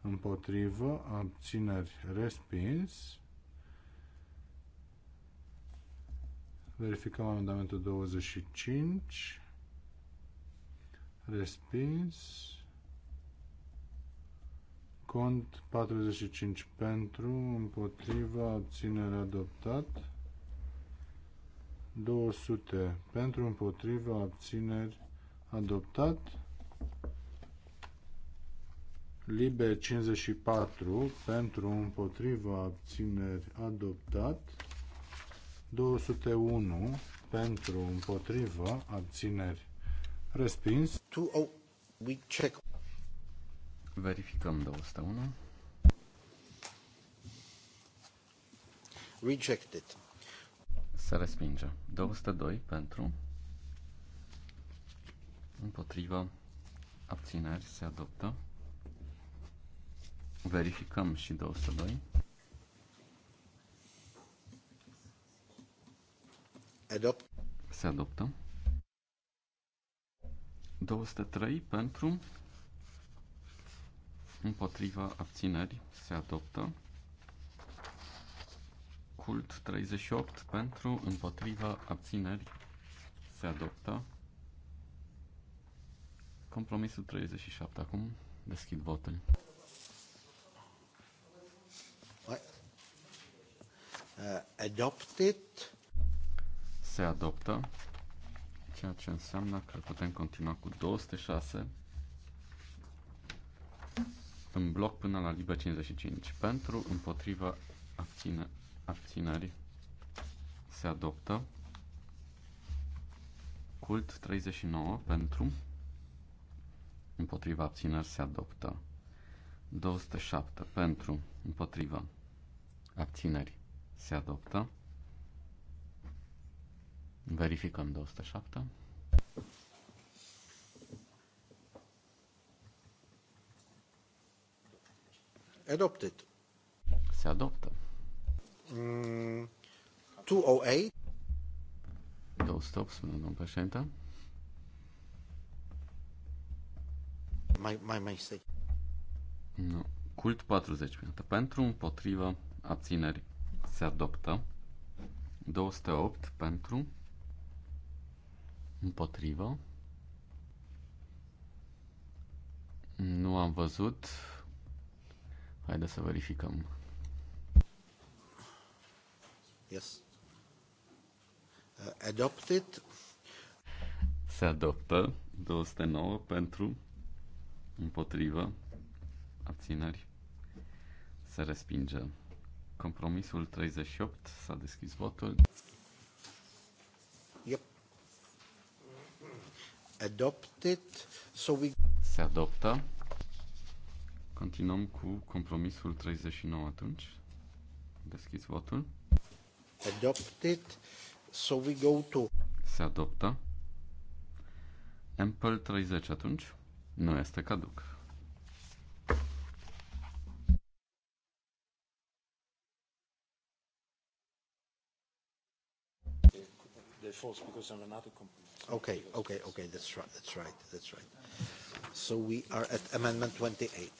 împotrivă, abțineri, respins. Verificăm amendamentul 25, respins. Cont 45 pentru, împotriva, abținere adoptat. 200 pentru, împotriva, abțineri adoptat. Libe 54 pentru, împotriva, abțineri adoptat. 201 pentru, împotriva, abțineri respins. 20 we check Verificăm 201. Rejected. Se respinge. 202 pentru. Împotriva. Abțineri se adoptă. Verificăm și 202. Adopt. Se adoptă. 203 pentru împotriva abțineri se adoptă. Cult 38 pentru împotriva abțineri se adoptă. Compromisul 37 acum. Deschid votul. Adopted. Se adoptă, ceea ce înseamnă că putem continua cu 206 în bloc până la liber 55. Pentru, împotriva, abține, abțineri se adoptă. Cult 39 pentru, împotriva, abțineri se adoptă. 207 pentru, împotriva, abțineri se adoptă. Verificăm 207. Adopted. Se adoptă. Mm, 208. 208, spune domnul președinte. Mai, mai, mai stai. Nu. Cult 40 minute. Pentru, împotriva, abțineri. Se adoptă. 208 pentru, împotriva. Nu am văzut. Haideți să verificăm. Yes. Uh, adopted. Se adoptă 209 pentru împotrivă abțineri. Se respinge. Compromisul 38 s-a deschis votul. Yep. Adopted. So we... Se adoptă. Continuăm cu compromisul 39 atunci. Deschis votul. Adopted. So we go to... Se adoptă. Ample 30 atunci. Nu este caduc. false because they're not a Okay, okay, okay, that's right, that's right, that's right. So we are at amendment 28.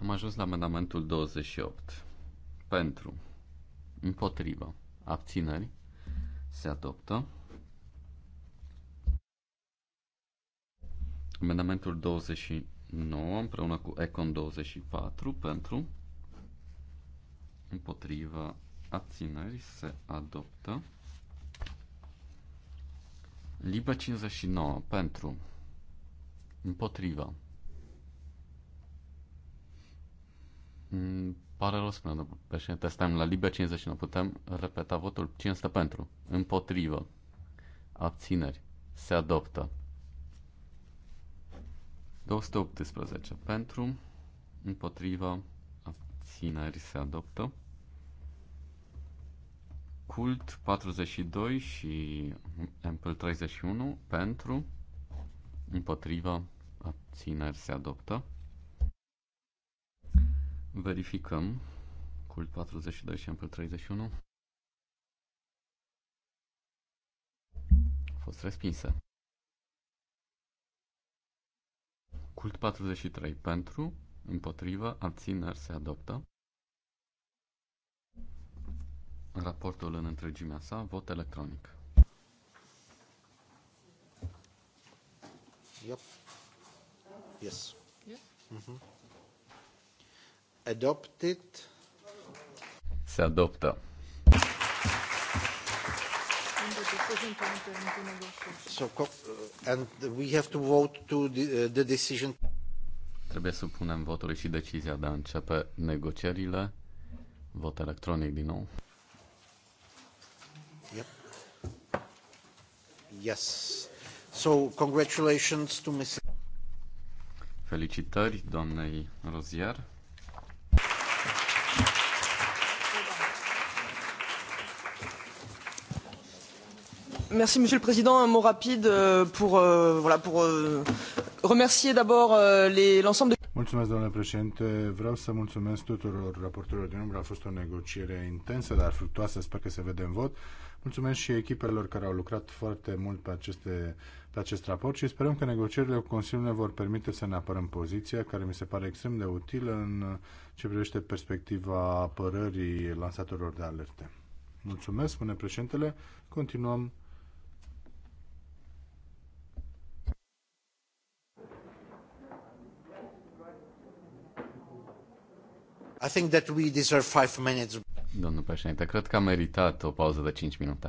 Am ajuns la amendamentul 28. Pentru. Împotrivă. Abțineri. Se adoptă. Amendamentul 29 împreună cu Econ 24 pentru împotriva abțineri se adoptă. Liba 59 pentru împotriva Mm, pare rău, spune domnul președinte, Stăm la liber 50 și nu putem repeta votul 500 pentru, împotrivă, abțineri, se adoptă. 218 pentru, împotrivă, abțineri, se adoptă. Cult 42 și Ample 31 pentru, împotriva, abțineri se adoptă. Verificăm. Cult 42 și ampl 31. A fost respinsă. Cult 43 pentru, împotrivă, abțineri se adoptă. Raportul în întregimea sa, vot electronic. Yep. Yes. Yeah. Mm-hmm. Adopted. Se adoptă. So, and we have to vote to the, uh, the decision. Trebuie să punem votul și decizia de a începe negocierile. Vot electronic din nou. Yep. Yes. So, congratulations to Mrs. Felicitări doamnei Rozier. Merci, monsieur le président un mot rapide euh, pour, euh, voilà, pour euh, remercier d'abord l'ensemble des. Mulțumesc, domnule președinte. Vreau să mulțumesc tuturor raportorilor din umbră. A fost o negociere intensă, dar fructoasă. Sper că se vede în vot. Mulțumesc și echipelor care au lucrat foarte mult pe, aceste, pe acest raport și sperăm că negocierile cu Consiliul ne vor permite să ne apărăm poziția, care mi se pare extrem de utilă în ce privește perspectiva apărării lansatorilor de alerte. Mulțumesc, spune președintele. Continuăm I think that we deserve five minutes. Domnul președinte, cred că a meritat o pauză de 5 minute.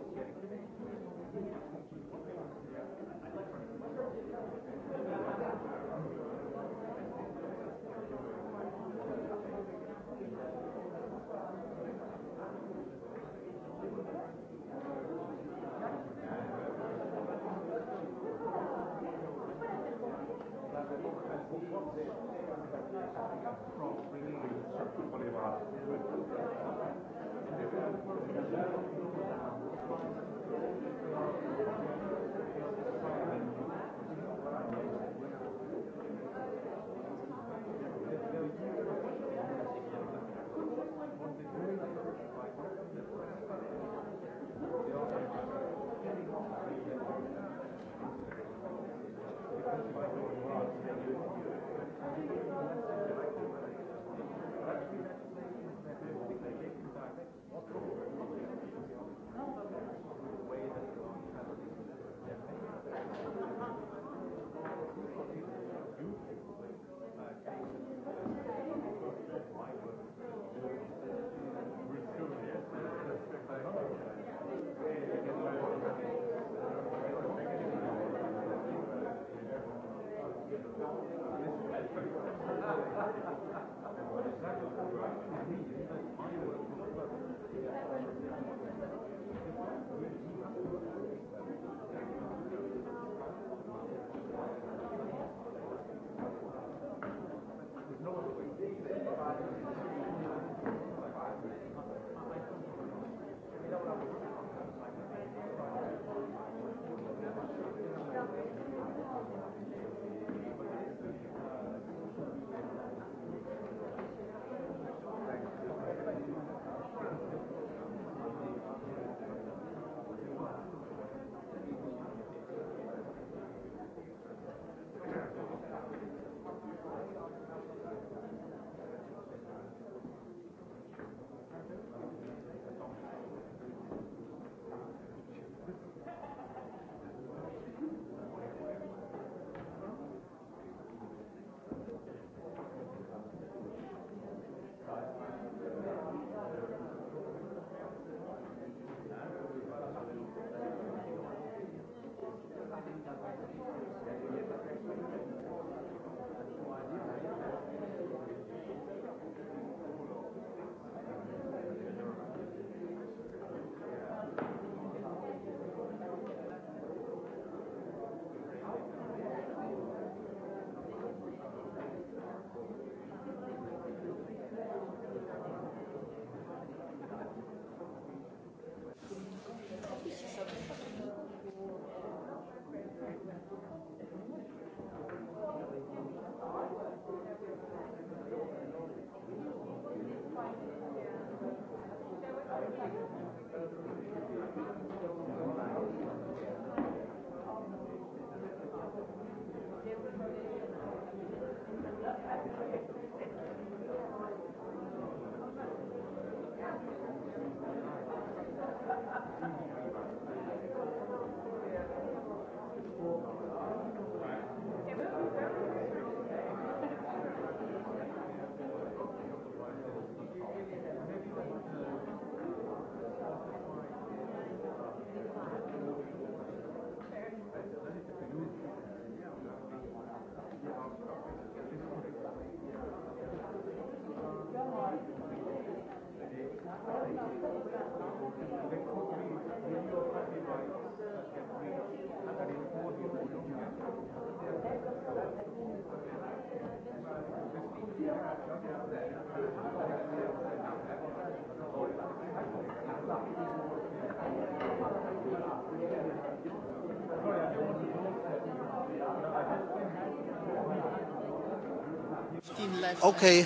Okay.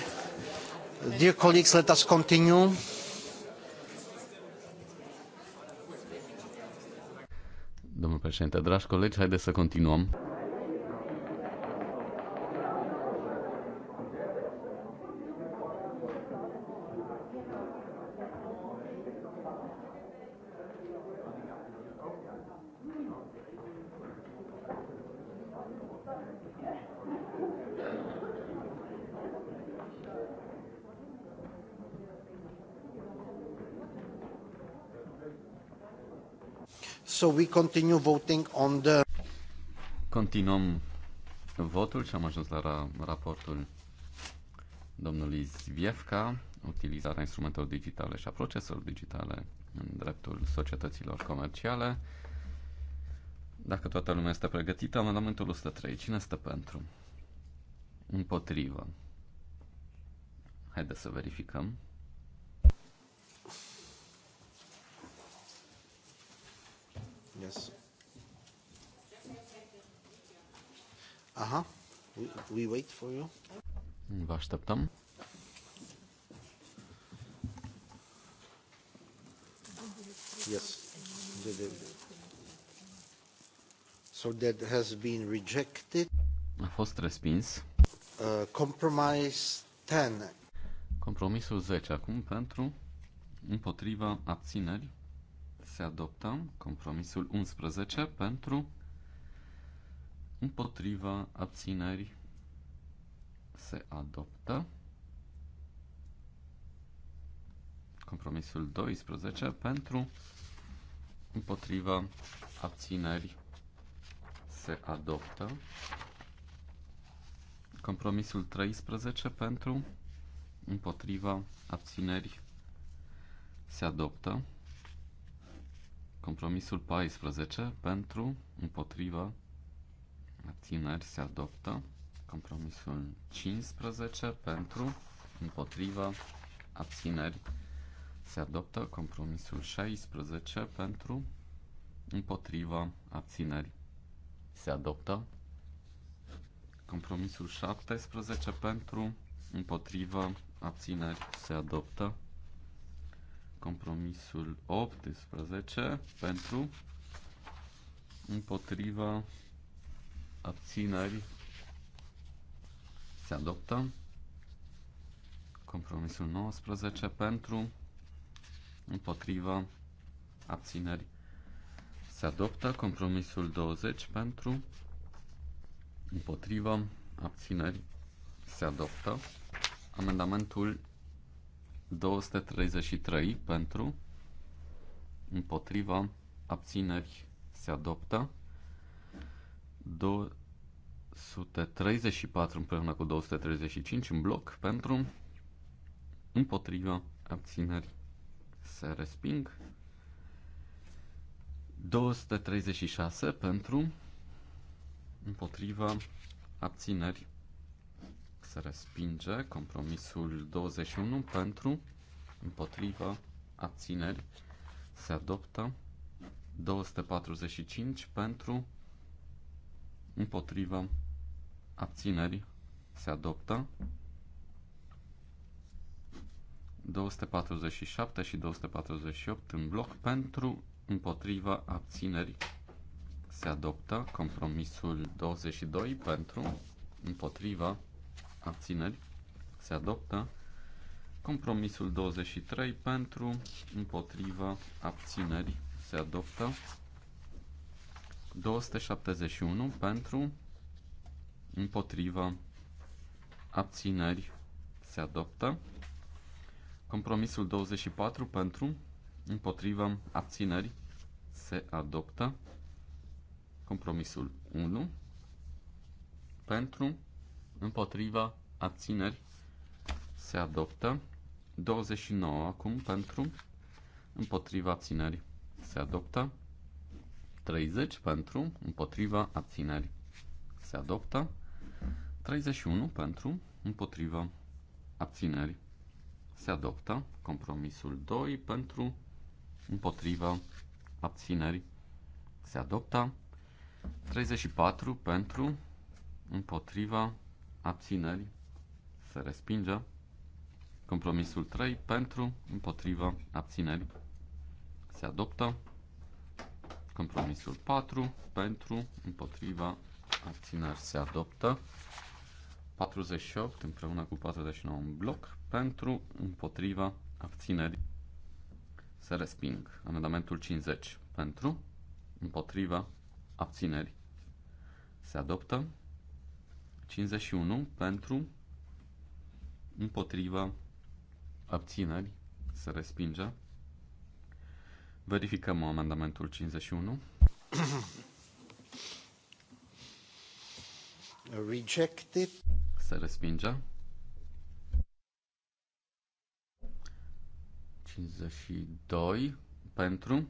Dear colleagues, let us continue. Domnul președinte, dragi colegi, haideți să continuăm. so we continue voting on the... Continuăm votul și am ajuns la ra- raportul domnului Zviefka, utilizarea instrumentelor digitale și a proceselor digitale în dreptul societăților comerciale. Dacă toată lumea este pregătită, amendamentul 103. Cine stă pentru? Împotrivă. Haideți să verificăm. Yes. Aha. We, we wait for you. Vă așteptăm. Yes. The, the, so that has been rejected. A fost respins. Uh, compromise 10. Compromisul 10 acum pentru împotriva abțineri se adoptă compromisul 11 pentru împotriva abținerii se adoptă compromisul 12 pentru împotriva abținerii se adoptă compromisul 13 pentru împotriva abținerii se adoptă Compromisul 14 pentru, împotriva, abțineri se adoptă. Compromisul 15 pentru, împotriva, abțineri se adoptă. Compromisul 16 pentru, împotriva, abțineri se adoptă. Compromisul 17 pentru, împotriva, abțineri se adoptă. Compromisul 18 pentru împotriva abțineri se adoptă. Compromisul 19 pentru împotriva abțineri se adoptă. Compromisul 20 pentru împotriva abțineri se adoptă. Amendamentul 233 pentru, împotriva, abțineri se adoptă. 234 împreună cu 235 în bloc pentru, împotriva, abțineri se resping. 236 pentru, împotriva, abțineri se respinge. Compromisul 21 pentru, împotriva, abțineri se adoptă. 245 pentru, împotriva, abțineri se adoptă. 247 și 248 în bloc pentru, împotriva, abțineri se adoptă. Compromisul 22 pentru, împotriva, abțineri, se adoptă. Compromisul 23 pentru, împotriva, abțineri, se adoptă. 271 pentru, împotriva, abțineri, se adoptă. Compromisul 24 pentru, împotriva, abțineri, se adoptă. Compromisul 1 pentru, împotriva, abțineri, se adoptă. 29 acum pentru, împotriva, abțineri, se adoptă. 30 pentru, împotriva, abțineri, se adoptă. 31 pentru, împotriva, abțineri, se adoptă. Compromisul 2 pentru, împotriva, abțineri, se adoptă. 34 pentru, împotriva, abțineri, se respinge. Compromisul 3 pentru, împotriva, abțineri, se adoptă. Compromisul 4 pentru, împotriva, abțineri, se adoptă. 48 împreună cu 49 în bloc pentru, împotriva, abțineri, se resping. Amendamentul 50 pentru, împotriva, abțineri, se adoptă. 51 pentru, împotriva, abțineri, să respinge. Verificăm amendamentul 51. Rejected. Se respinge. 52 pentru,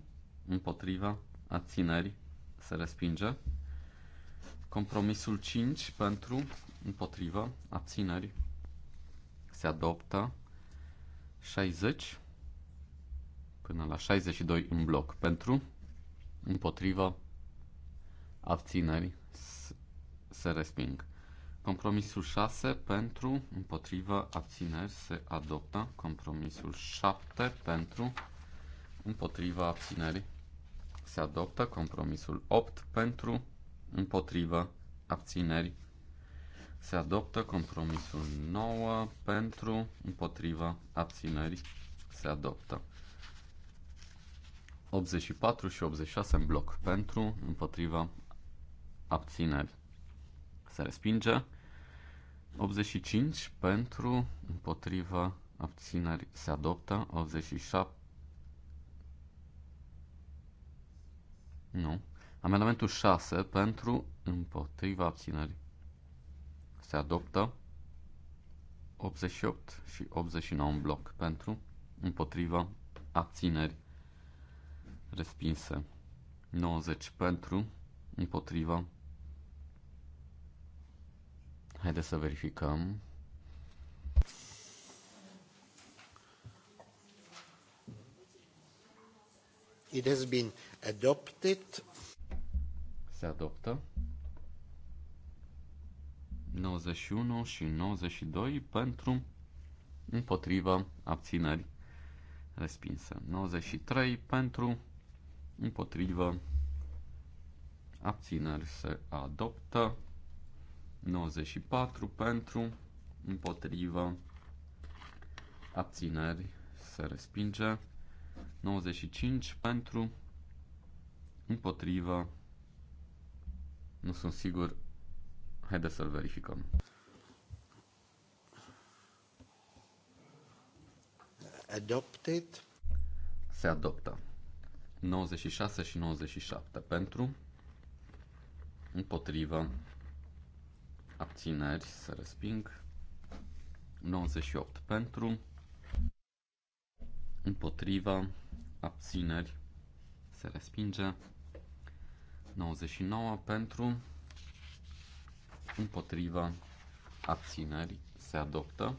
împotriva, abțineri, să respinge. Compromisul 5 pentru, împotrivă, abțineri, se adoptă 60 până la 62 în bloc pentru, împotrivă, abțineri, se resping. Compromisul 6 pentru, împotrivă, abțineri se adoptă. Compromisul 7 pentru, împotriva abțineri se adoptă. Compromisul 8 pentru, împotrivă, abțineri, se adoptă compromisul 9 pentru, împotriva, abțineri, se adoptă. 84 și 86 în bloc pentru, împotriva, abțineri, se respinge. 85 pentru, împotriva, abțineri, se adoptă. 87 nu, Amendamentul 6 pentru împotriva abținerii se adoptă 88 și 89 în bloc pentru împotriva abținerii. respinse 90 pentru împotriva Haideți să verificăm. It has been adopted se adoptă. 91 și 92 pentru împotriva abțineri respinsă. 93 pentru împotriva abțineri se adoptă. 94 pentru împotriva abțineri se respinge. 95 pentru împotriva nu sunt sigur. Haideți să-l verificăm. Adopted. Se adoptă. 96 și 97 pentru, împotrivă, abțineri, să resping, 98 pentru, împotriva, abțineri, se respinge, 99 pentru, împotriva, abținerii se adoptă.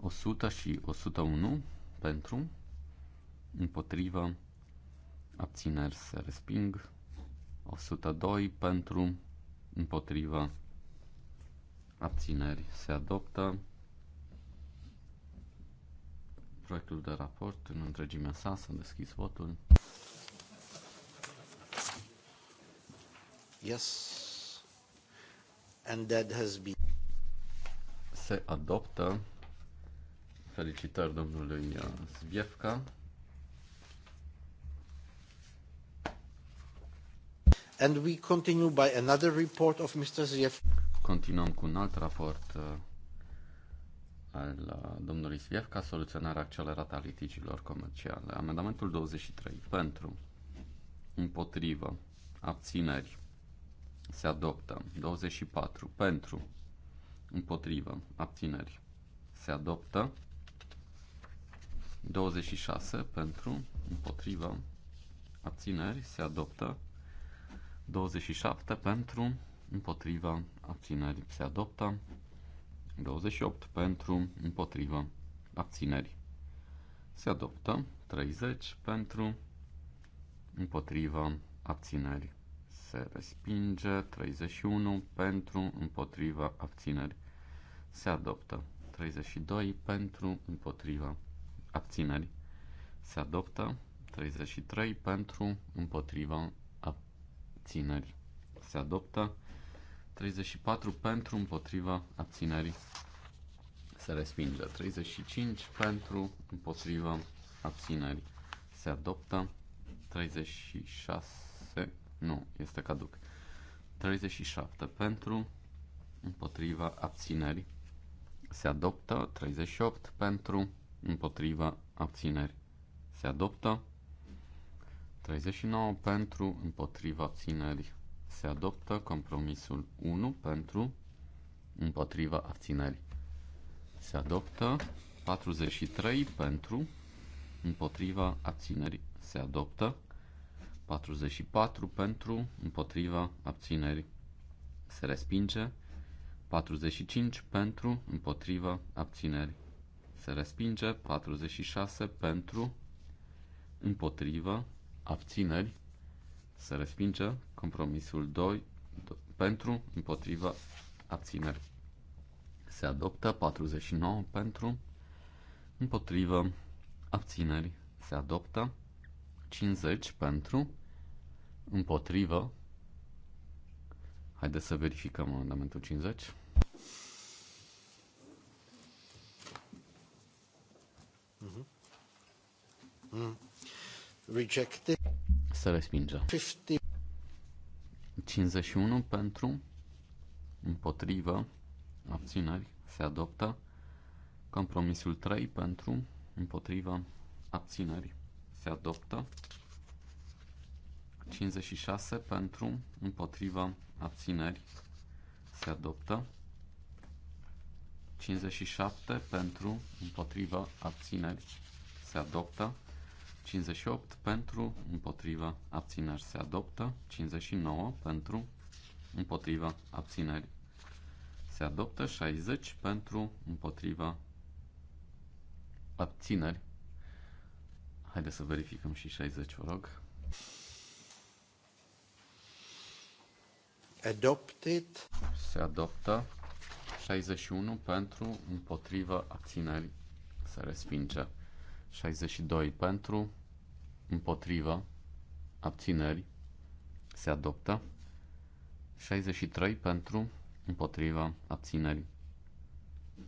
100 și 101 pentru, împotriva, abțineri, se resping. 102 pentru, împotriva, abțineri, se adoptă. Proiectul de raport în întregimea sa s-a deschis votul. Yes. And that has been... Se adoptă. Felicitări domnului uh, Zbiefka. And we continue by another report of Mr. Zvief. Continuăm cu un alt raport uh, al uh, domnului ca soluționarea accelerată a litigiilor comerciale. Amendamentul 23. Pentru. Împotrivă. Abțineri se adoptă. 24 pentru, împotrivă, abțineri, se adoptă. 26 pentru, împotrivă, abțineri, se adoptă. 27 pentru, împotriva, abțineri, se adoptă. 28 pentru, împotriva, abțineri, se adoptă. 30 pentru, împotriva, abțineri, se respinge, 31 pentru, împotriva, abțineri, se adoptă, 32 pentru, împotriva, abțineri, se adoptă, 33 pentru, împotriva, abțineri, se adoptă, 34 pentru, împotriva, abținerii, se respinge, 35 pentru, împotriva, abținerii, se adoptă, 36 nu, este caduc. 37 pentru, împotriva abțineri. Se adoptă 38 pentru, împotriva abțineri. Se adoptă 39 pentru, împotriva abțineri. Se adoptă compromisul 1 pentru, împotriva abțineri. Se adoptă 43 pentru, împotriva abținerii. Se adoptă 44 pentru, împotriva, abțineri, se respinge. 45 pentru, împotriva, abțineri, se respinge. 46 pentru, împotriva, abțineri, se respinge. Compromisul 2 pentru, împotriva, abțineri, se adoptă. 49 pentru, împotriva, abțineri, se adoptă. 50 pentru, împotrivă. Haideți să verificăm amendamentul 50. Mm-hmm. Mm. Rejected. Să respinge. 51 pentru, împotrivă, abțineri, se adoptă. Compromisul 3 pentru, împotriva, abțineri, se adoptă. 56 pentru, împotriva, abțineri, se adoptă. 57 pentru, împotriva, abțineri, se adoptă. 58 pentru, împotriva, abțineri, se adoptă. 59 pentru, împotriva, abțineri, se adoptă. 60 pentru, împotriva, abțineri, Haideți să verificăm și 60, vă rog. Adopted. Se adoptă. 61 pentru, împotriva, abțineri, se respinge. 62 pentru, împotriva, abțineri, se adoptă. 63 pentru, împotriva, abțineri,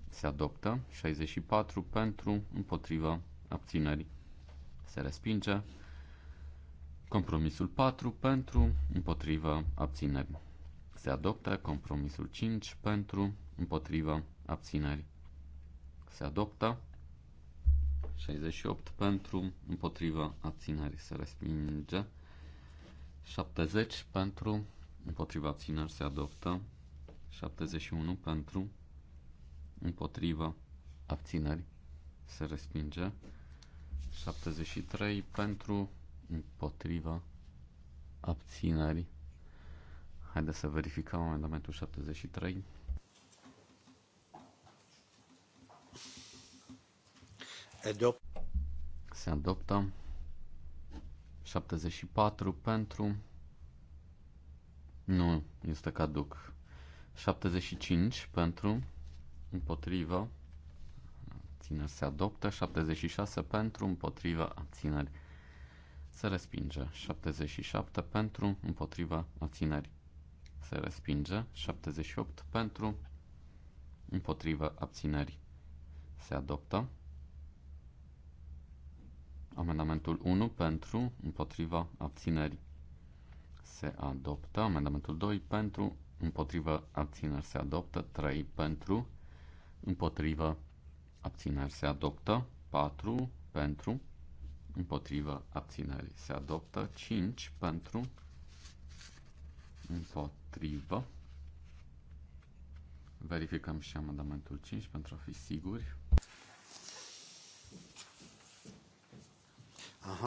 se adoptă. 64 pentru, împotriva, abțineri, se respinge. Compromisul 4 pentru, împotrivă, abțineri. Se adoptă compromisul 5 pentru, împotrivă, abțineri. Se adoptă 68 pentru, împotrivă, abțineri. Se respinge 70 pentru, împotriva abțineri. Se adoptă 71 pentru, împotrivă, abțineri. Se respinge 73 pentru, împotriva, abțineri. Haideți să verificăm amendamentul 73. Adop. Se adoptă. 74 pentru. Nu, este caduc. 75 pentru. Împotrivă abțineri se adoptă, 76 pentru, împotriva abțineri se respinge, 77 pentru, împotriva abțineri se respinge, 78 pentru, împotriva abțineri se adoptă, amendamentul 1 pentru, împotriva abțineri se adoptă, amendamentul 2 pentru, împotriva abțineri se adoptă, 3 pentru, împotriva abțineri se adoptă, 4 pentru, împotriva abținerii se adoptă, 5 pentru, împotrivă. Verificăm și amendamentul 5 pentru a fi siguri. Aha.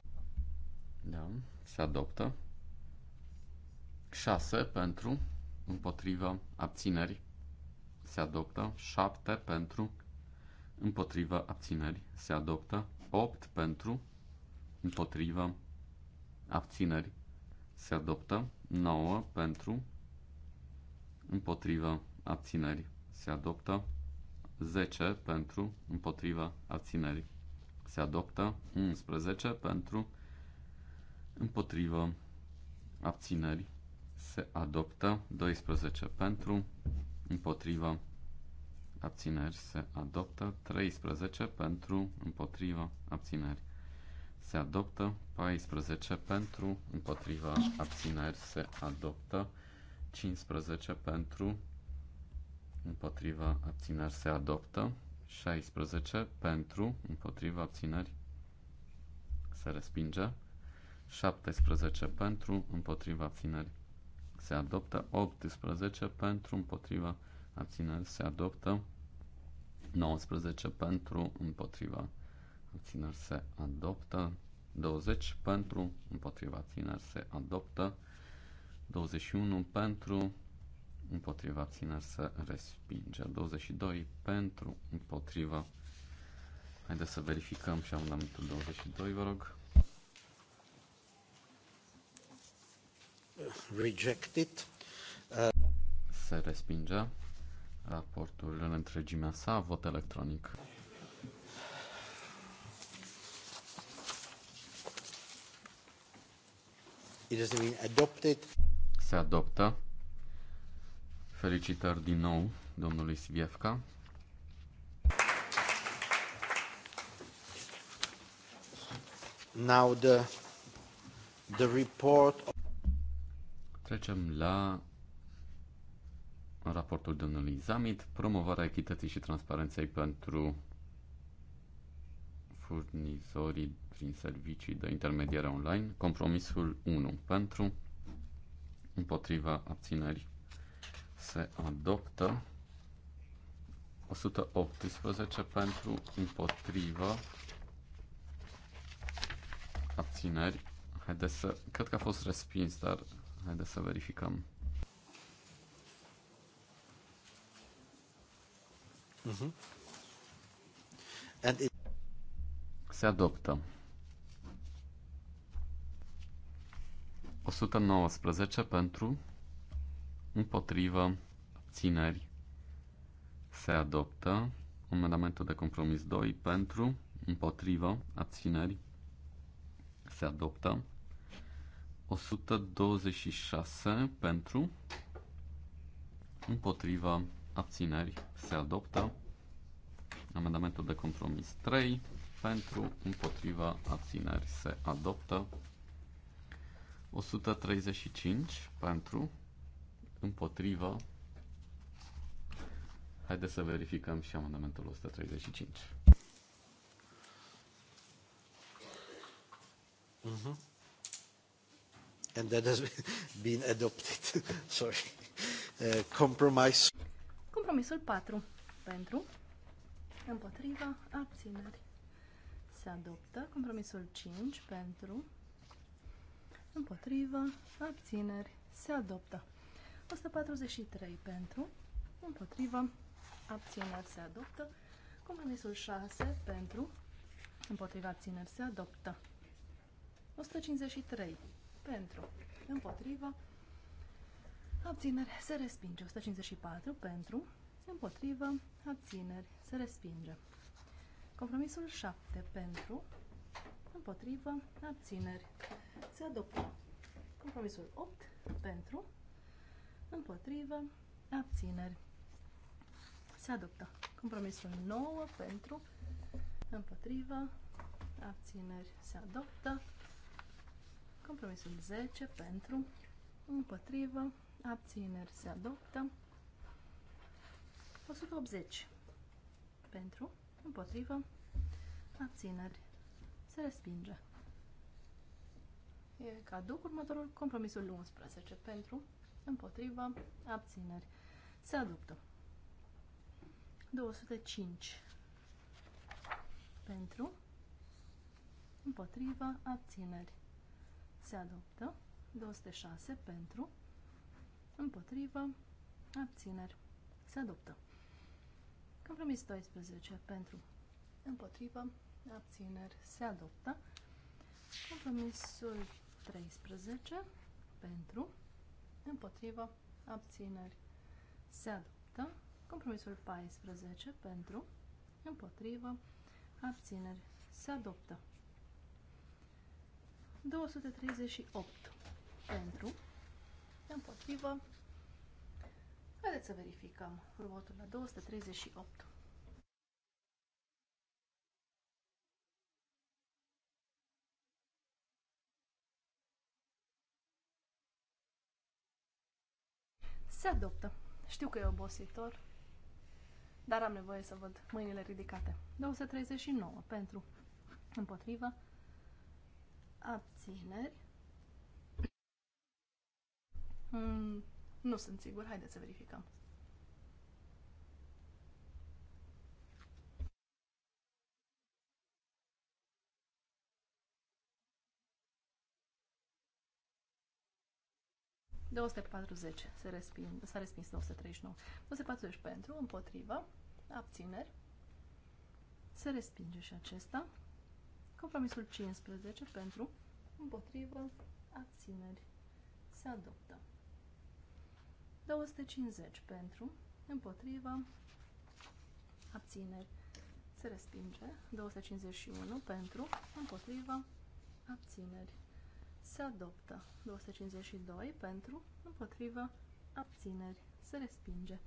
Da, se adoptă. 6 pentru, împotriva abținerii se adoptă, 7 pentru, împotriva abținerii. se adoptă, 8 pentru, împotriva abținerii. se adoptă, 9 pentru, împotriva abținerii. se adoptă, 10 pentru, împotriva abținerii se adoptă, 11 pentru, împotriva abținerii se adoptă, 12 pentru, împotriva abțineri se adoptă, 13 pentru, împotriva, abțineri se adoptă, 14 pentru, împotriva, abțineri se adoptă, 15 pentru, împotriva, abțineri se adoptă, 16 pentru, împotriva, abțineri se respinge, 17 pentru, împotriva, abțineri se adoptă, 18 pentru, împotriva, abțineri se adoptă, 19 pentru, împotriva abțineri se adoptă. 20 pentru, împotriva abțineri se adoptă. 21 pentru, împotriva abțineri se respinge. 22 pentru, împotriva. Haideți să verificăm și amendamentul 22, vă rog. Rejected. Uh... Se respinge raportul în întregimea sa, vot electronic. It has been adopted. Se adoptă. Felicitări din nou domnului Sivievca. Now the, the report of... Trecem la raportul domnului Zamit, promovarea echității și transparenței pentru furnizorii prin servicii de intermediere online, compromisul 1 pentru, împotriva abțineri se adoptă, 118 pentru, împotriva abțineri, haideți să, cred că a fost respins, dar haideți să verificăm. Mhm. Se adoptă. 119 pentru, împotrivă, abțineri. Se adoptă. Amendamentul de compromis 2 pentru, împotrivă, abțineri. Se adoptă. 126 pentru, împotriva abțineri, se adoptă. Amendamentul de compromis 3 pentru, împotriva, abțineri, se adoptă. 135 pentru, împotriva. Haideți să verificăm și amendamentul 135. Mm-hmm. And that has been adopted. Sorry. Uh, compromise. Compromisul 4. Pentru. Împotriva. Abțineri. Se adoptă. Compromisul 5. Pentru. Împotriva. Abțineri. Se adoptă. 143 pentru. Împotriva. Abțineri. Se adoptă. Compromisul 6 pentru. Împotriva. Abțineri. Se adoptă. 153 pentru. Împotriva. Abținere se respinge. 154 pentru, împotrivă, abțineri, se respinge. Compromisul 7 pentru, împotrivă, abțineri, se adoptă. Compromisul 8 pentru, împotrivă, abțineri, se adoptă. Compromisul 9 pentru, împotrivă, abțineri, se adoptă. Compromisul 10 pentru, împotrivă, abțineri, se adoptă. 180 pentru, împotrivă, abțineri, se respinge. E caduc următorul compromisul 11 pentru, împotrivă, abțineri, se adoptă. 205 pentru, împotrivă, abțineri, se adoptă. 206 pentru, împotrivă, abțineri, se adoptă. Compromis 12 pentru împotrivă, abțineri se adoptă. Compromisul 13 pentru împotrivă, abțineri se adoptă. Compromisul 14 pentru împotrivă, abțineri se adoptă. 238 pentru împotrivă, Haideți să verificăm votul la 238. Se adoptă. Știu că e obositor, dar am nevoie să văd mâinile ridicate. 239 pentru împotrivă abțineri. Mm, nu sunt sigur. Haideți să verificăm. De 140 se s-a respins 239. 240 pentru, împotrivă, abțineri. Se respinge și acesta. Compromisul 15 pentru, împotrivă, abțineri. Se adoptă. 250 pentru, împotrivă, abțineri, se respinge. 251 pentru, împotrivă, abțineri, se adoptă. 252 pentru, împotrivă, abțineri, se respinge.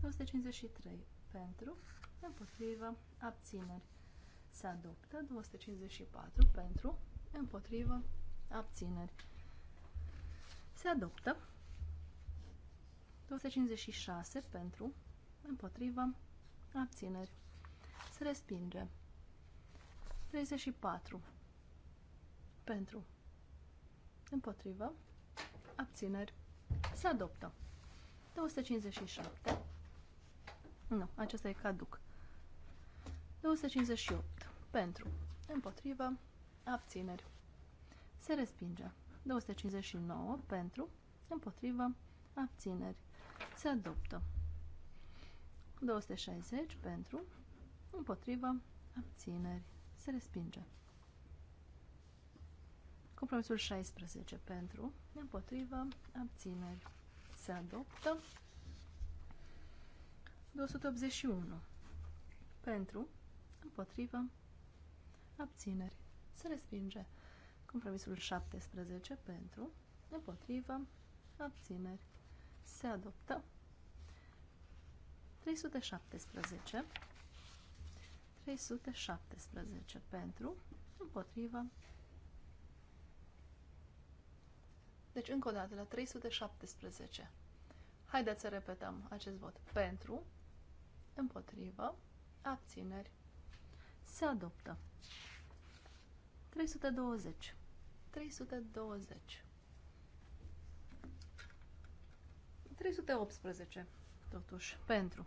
253 pentru, împotrivă, abțineri, se adoptă. 254 pentru, împotrivă, abțineri, se adoptă. 256 pentru, împotrivă, abțineri. Se respinge. 34 pentru, împotrivă, abțineri. Se adoptă. 257 nu, acesta e caduc. 258 pentru, împotrivă, abțineri. Se respinge. 259 pentru, împotrivă, abțineri se adoptă. 260 pentru, împotrivă, abțineri, se respinge. Compromisul 16 pentru, împotrivă, abțineri, se adoptă. 281 pentru, împotrivă, abțineri, se respinge. Compromisul 17 pentru, împotrivă, abțineri, se adoptă. 317 317 pentru, împotrivă. Deci, încă o dată, la 317. Haideți să repetăm acest vot. Pentru, împotrivă, abțineri, se adoptă. 320. 320. 318, totuși, pentru.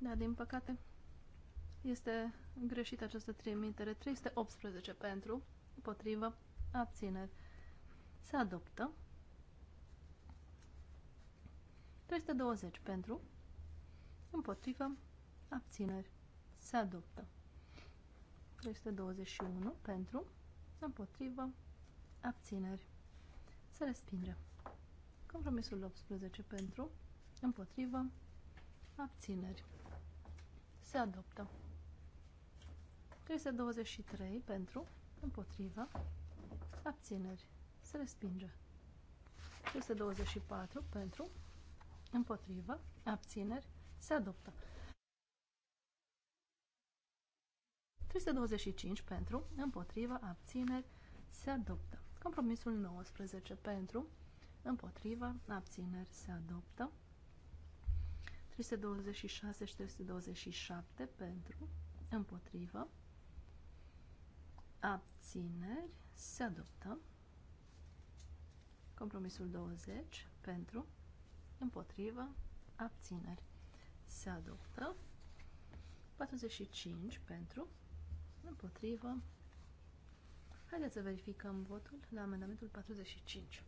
Da, din păcate, este greșită această trimitere. 318 pentru, împotrivă, abțineri. Se adoptă. 320 pentru, împotrivă, abțineri. Se adoptă. 321 pentru, împotrivă, abțineri. Se respinge. Compromisul 18 pentru, împotrivă, abțineri. Se adoptă. 323 pentru, împotriva abțineri, se respinge. 324 pentru, împotriva abțineri, se adoptă. 325 pentru, împotriva abțineri, se adoptă. Compromisul 19 pentru, împotriva abțineri, se adoptă. 326 și 327 pentru, împotriva abțineri, se adoptă. Compromisul 20 pentru, împotrivă, abțineri, se adoptă. 45 pentru, împotrivă. Haideți să verificăm votul la amendamentul 45.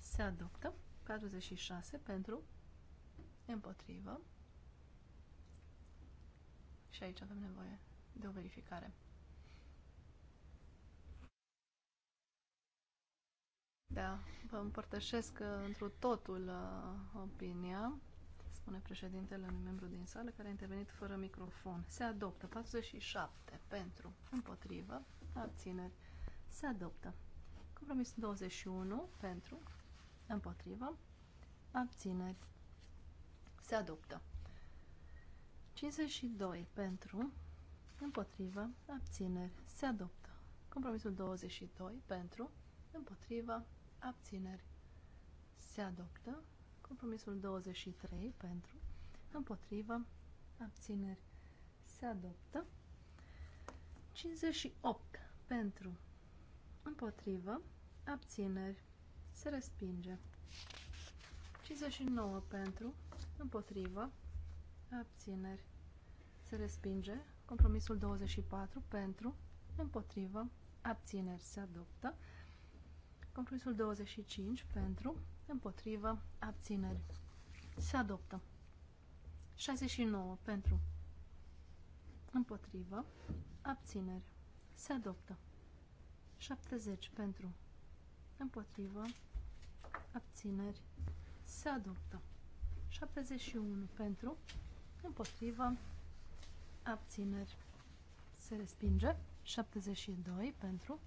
Se adoptă. 46 pentru, împotrivă. Și aici avem nevoie de o verificare. Da, vă împărtășesc uh, întru totul uh, opinia, spune președintele unui membru din sală care a intervenit fără microfon. Se adoptă 47 pentru, împotrivă, abțineri. Se adoptă. Compromis 21 pentru, Împotrivă. Abțineri. Se adoptă. 52 pentru. Împotrivă. Abțineri. Se adoptă. Compromisul 22 pentru. Împotrivă. Abțineri. Se adoptă. Compromisul 23 pentru. Împotrivă. Abțineri. Se adoptă. 58 pentru. Împotrivă. Abțineri se respinge. 59 pentru, împotrivă, abțineri. Se respinge. Compromisul 24 pentru, împotrivă, abțineri. Se adoptă. Compromisul 25 pentru, împotrivă, abțineri. Se adoptă. 69 pentru, împotrivă, abțineri. Se adoptă. 70 pentru, împotrivă, abțineri, se adoptă. 71 pentru, împotrivă, abțineri, se respinge. 72 pentru,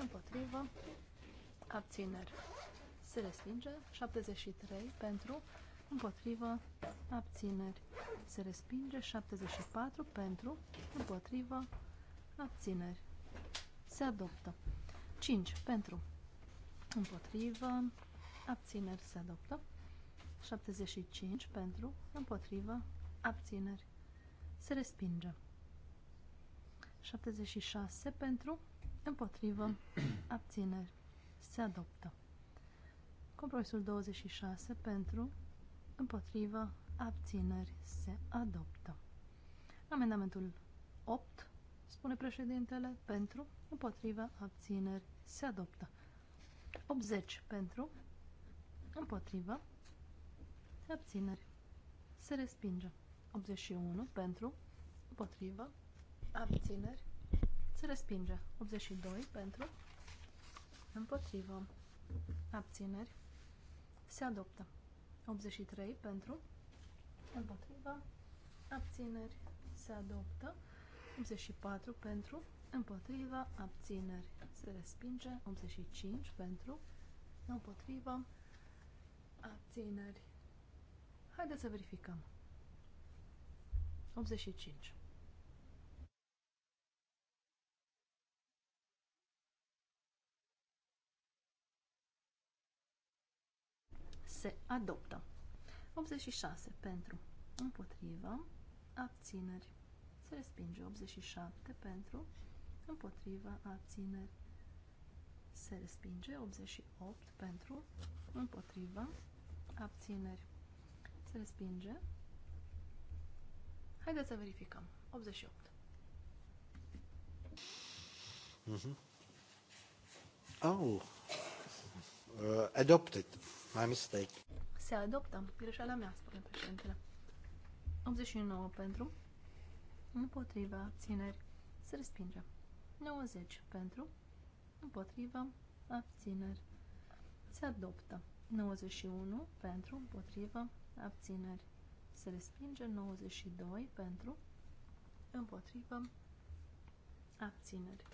împotrivă, abțineri, se respinge. 73 pentru, împotrivă, abțineri, se respinge. 74 pentru, împotrivă, abțineri, se adoptă. 5 pentru, împotrivă, abțineri se adoptă. 75 pentru, împotrivă, abțineri se respinge. 76 pentru, împotrivă, abțineri se adoptă. Compromisul 26 pentru, împotrivă, abțineri se adoptă. Amendamentul 8, spune președintele, pentru, împotrivă, abțineri se adoptă. 80 pentru, împotrivă, abțineri, se respinge. 81 pentru, împotrivă, abțineri, se respinge. 82 pentru, împotrivă, abțineri, se adoptă. 83 pentru, împotrivă, abțineri, se adoptă. 84 pentru, Împotrivă, abțineri, se respinge. 85 pentru, împotrivă, abțineri. Haideți să verificăm. 85. Se adoptă. 86 pentru, împotrivă, abțineri. Se respinge. 87 pentru, împotrivă, abțineri, se respinge. 88 pentru, împotriva abțineri, se respinge. Haideți să verificăm. 88. Mm -hmm. Oh, uh, adopted. My mistake. Se adoptă. Greșeala mea, spune președintele. 89 pentru. Împotriva. Abțineri. Se respinge. 90 pentru, împotrivă, abțineri. Se adoptă. 91 pentru, împotrivă, abțineri. Se respinge. 92 pentru, împotrivă, abțineri.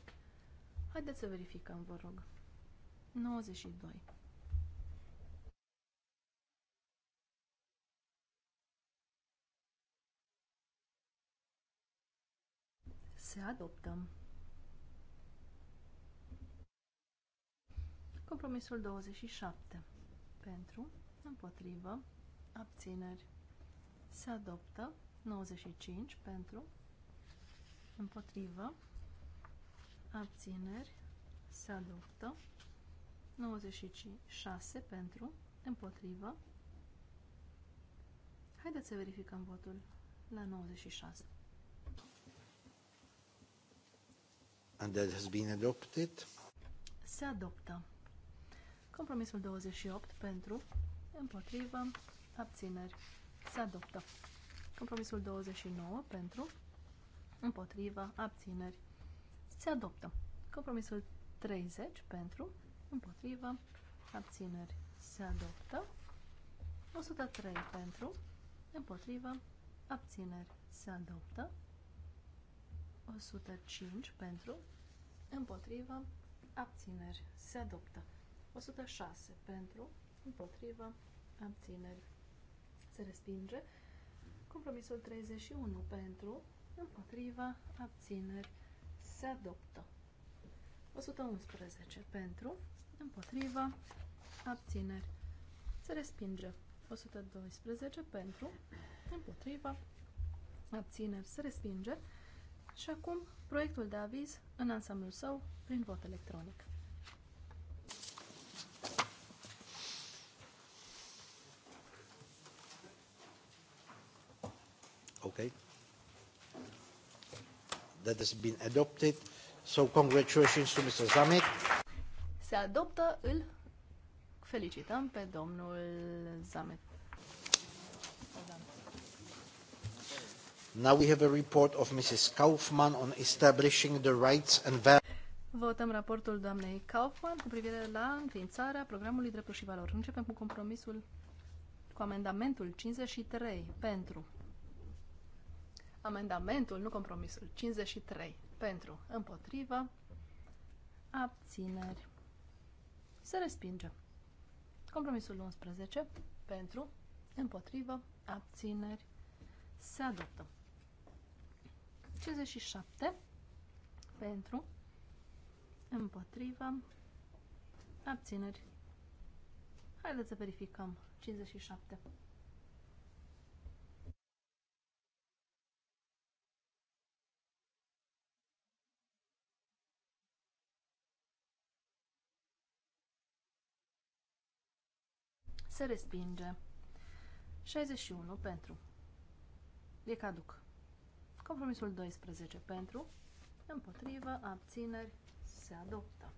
Haideți să verificăm, vă rog. 92. Se adoptă. Compromisul 27. Pentru, împotrivă, abțineri. Se adoptă 95 pentru, împotrivă, abțineri. Se adoptă 96 pentru, împotrivă. Haideți să verificăm votul la 96. And that has been adopted. Se adoptă. Compromisul 28 pentru, împotrivă, abțineri, se adoptă. Compromisul 29 pentru, împotrivă, abțineri, se adoptă. Compromisul 30 pentru, împotrivă, abțineri, se adoptă. 103 pentru, împotrivă, abțineri, se adoptă. 105 pentru, împotrivă, abțineri, se adoptă. 106 pentru, împotrivă, abțineri, se respinge. Compromisul 31 pentru, împotriva, abțineri, se adoptă. 111 pentru, împotriva, abțineri, se respinge. 112 pentru, împotriva, abțineri, se respinge. Și acum proiectul de aviz în ansamblul său prin vot electronic. Okay. That has been adopted. So congratulations to Mr. Zamek. Se adoptă, îl felicităm pe domnul Zamet. Now we have a report of Mrs. Kaufman on establishing the rights and values. Votăm raportul doamnei Kaufman cu privire la înființarea programului drepturi și valori. Începem cu compromisul cu amendamentul 53 pentru Amendamentul, nu compromisul, 53 pentru, împotrivă, abțineri. Se respinge. Compromisul 11 pentru, împotrivă, abțineri. Se adoptă. 57 pentru, împotrivă, abțineri. Haideți să verificăm. 57. Se respinge. 61 pentru. E caduc. Compromisul 12 pentru. Împotrivă. Abțineri. Se adoptă.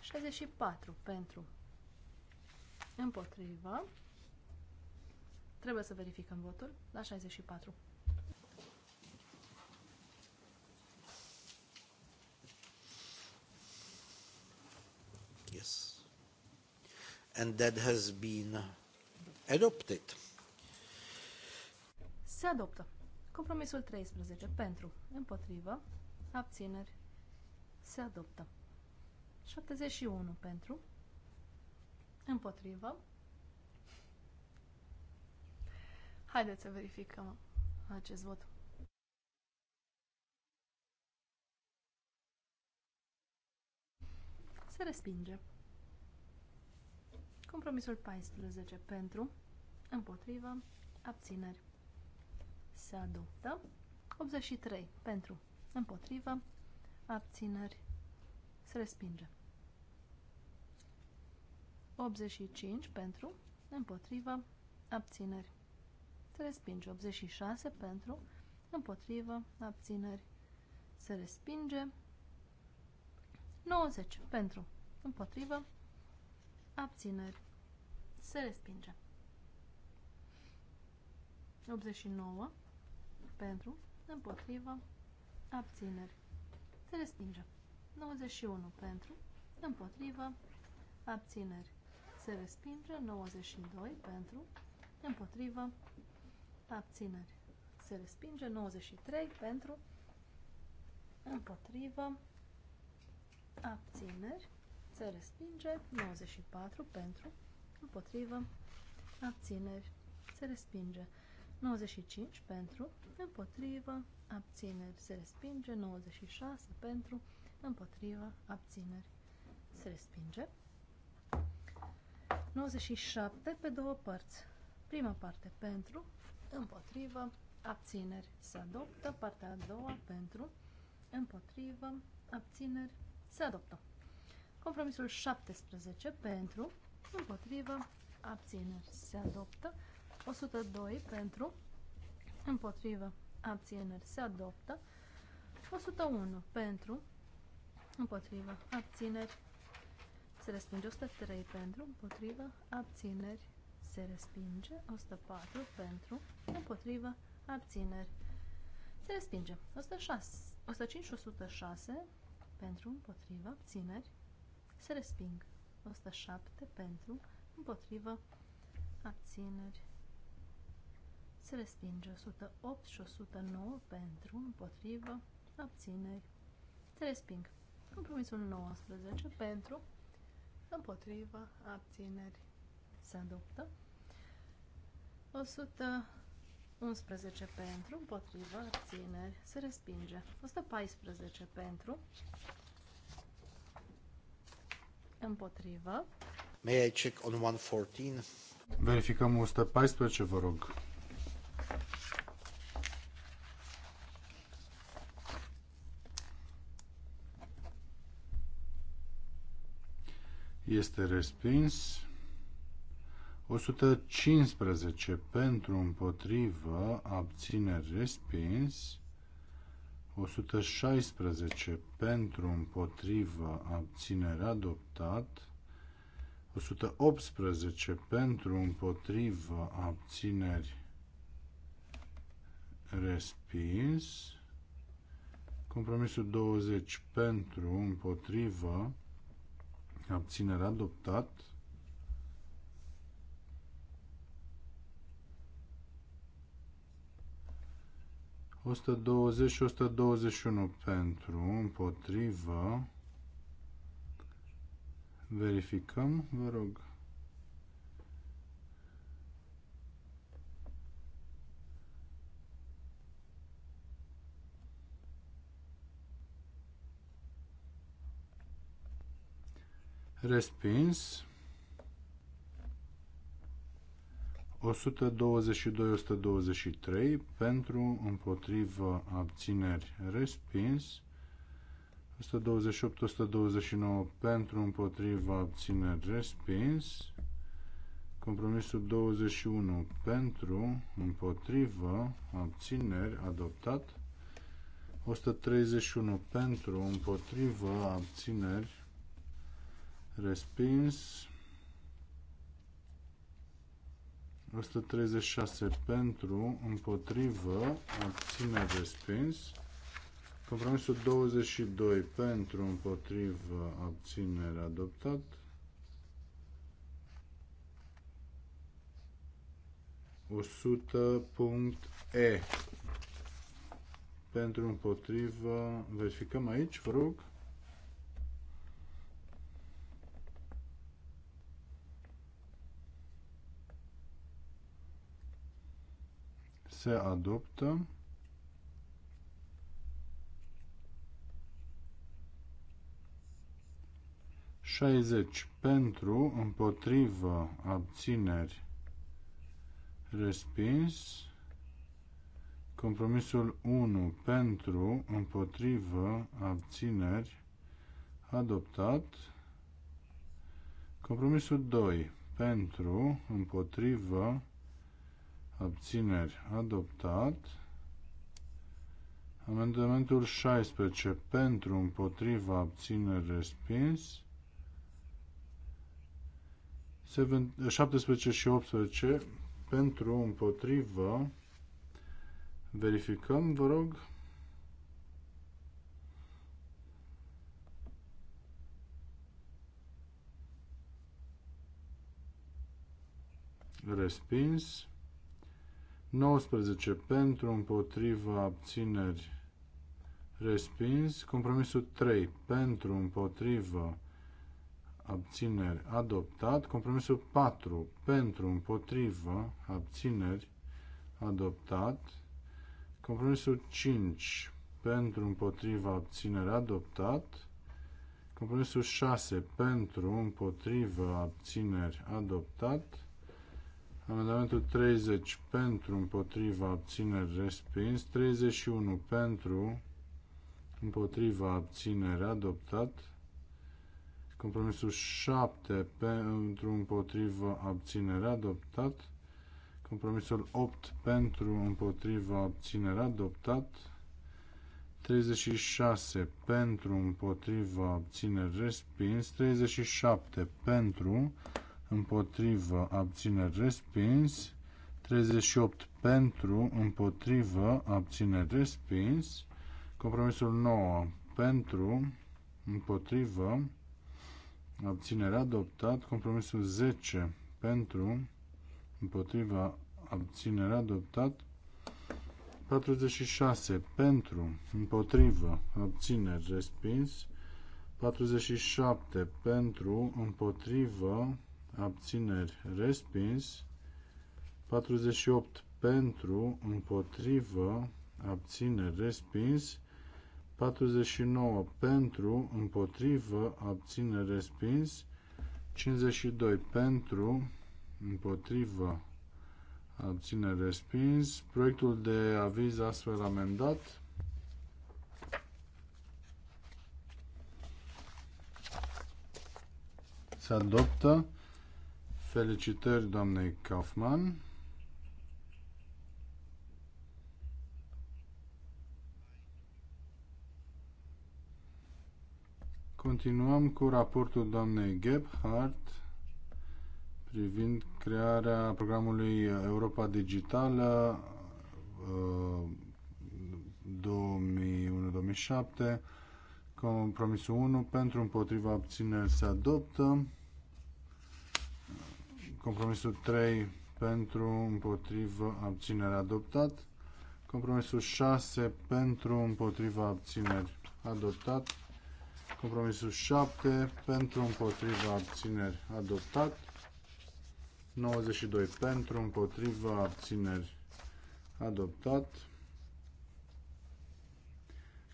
64 pentru. Împotrivă. Trebuie să verificăm votul la 64. and that has been adopted. Se adoptă. Compromisul 13 pentru, împotrivă, abțineri, se adoptă. 71 pentru, împotrivă. Haideți să verificăm acest vot. Se respinge. Compromisul 14 pentru, împotrivă, abțineri. Se adoptă. 83 pentru, împotrivă, abțineri. Se respinge. 85 pentru, împotrivă, abțineri. Se respinge. 86 pentru, împotrivă, abțineri. Se respinge. 90 pentru, împotrivă, abțineri, se respinge. 89 pentru, împotrivă, abțineri, se respinge. 91 pentru, împotrivă, abțineri, se respinge. 92 pentru, împotrivă, abțineri, se respinge. 93 pentru, împotrivă, abțineri, se respinge, 94 pentru, împotrivă, abțineri, se respinge, 95 pentru, împotrivă, abțineri, se respinge, 96 pentru, împotrivă, abțineri, se respinge. 97 pe două părți. Prima parte pentru, împotrivă, abțineri, se adoptă, partea a doua pentru, împotrivă, abțineri, se adoptă. Compromisul 17 pentru, împotrivă, abțineri se adoptă. 102 pentru, împotrivă, abțineri se adoptă. 101 pentru, împotrivă, abțineri se respinge. 103 pentru, împotrivă, abțineri se respinge. 104 pentru, împotrivă, abțineri se respinge. 106, 105 și 106 pentru, împotrivă, abțineri se resping. 107 pentru, împotrivă, abțineri. Se respinge 108 și 109 pentru, împotrivă, abțineri. Se resping. Compromisul 19 pentru, împotrivă, abțineri. Se adoptă. 111 pentru, împotrivă, abțineri. Se respinge. 114 pentru, Împotrivă. May I check on 114? Verificăm 114, vă rog. Este respins. 115 pentru împotrivă, abține respins. 116 pentru împotrivă abținere adoptat 118 pentru împotrivă abțineri respins compromisul 20 pentru împotrivă abținere adoptat 120 și 121 pentru, împotrivă. Verificăm, vă rog. Respins. 122-123 pentru, împotrivă, abțineri, respins. 128-129 pentru, împotrivă, abțineri, respins. Compromisul 21 pentru, împotrivă, abțineri, adoptat. 131 pentru, împotrivă, abțineri, respins. 136 pentru, împotrivă, abține respins. Compromisul 22 pentru, împotrivă, abținere adoptat. e pentru împotrivă verificăm aici, vă rog se adoptă. Șaizeci pentru, împotrivă, abțineri, respins. Compromisul 1 pentru, împotrivă, abțineri, adoptat. Compromisul 2 pentru, împotrivă, abțineri adoptat. Amendamentul 16 pentru împotriva abțineri respins. 17 și 18 pentru împotrivă verificăm vă rog respins 19 pentru, împotriva, abțineri, respins. Compromisul 3 pentru, împotriva, abțineri, adoptat. Compromisul 4 pentru, împotriva, abțineri, adoptat. Compromisul 5 pentru, împotriva, abțineri, adoptat. Compromisul 6 pentru, împotriva, abțineri, adoptat. Amendamentul 30 pentru, împotriva, abțineri, respins. 31 pentru, împotriva, abțineri, adoptat. Compromisul 7 pentru, împotriva, abțineri, adoptat. Compromisul 8 pentru, împotriva, abțineri, adoptat. 36 pentru, împotriva, abțineri, respins. 37 pentru, împotrivă, abțineri, respins. 38 pentru, împotrivă, abțineri, respins. Compromisul 9 pentru, împotrivă, abțineri, adoptat. Compromisul 10 pentru, împotrivă, abțineri, adoptat. 46 pentru, împotrivă, abțineri, respins. 47 pentru, împotrivă, abțineri respins, 48 pentru, împotrivă, abțineri respins, 49 pentru, împotrivă, abțineri respins, 52 pentru, împotrivă, abțineri respins, proiectul de aviz astfel amendat, se adoptă. Felicitări doamnei Kaufmann. Continuăm cu raportul doamnei Gebhardt privind crearea programului Europa Digitală 2001-2007, uh, compromisul 1 pentru împotriva obținerii se adoptă. Compromisul 3 pentru, împotrivă, abținere adoptat. Compromisul 6 pentru, împotrivă, abțineri adoptat. Compromisul 7 pentru, împotrivă, abțineri adoptat. 92 pentru, împotrivă, abțineri adoptat.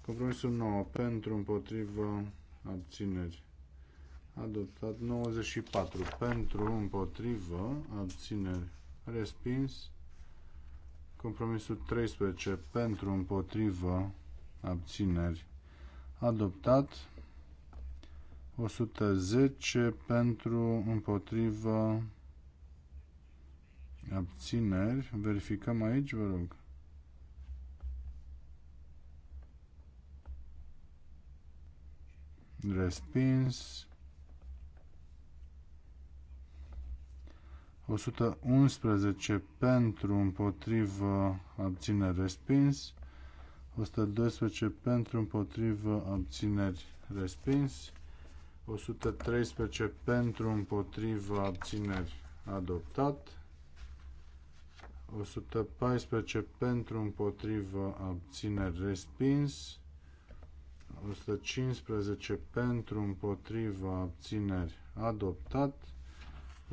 Compromisul 9 pentru, împotrivă, abțineri adoptat 94 pentru, împotrivă, abțineri, respins. Compromisul 13 pentru, împotrivă, abțineri, adoptat. 110 pentru, împotrivă, abțineri. Verificăm aici, vă rog. Respins. 111 pentru, împotrivă, abțineri, respins. 112 pentru, împotrivă, abțineri, respins. 113 pentru, împotrivă, abțineri, adoptat. 114 pentru, împotrivă, abțineri, respins. 115 pentru, împotrivă, abțineri, adoptat.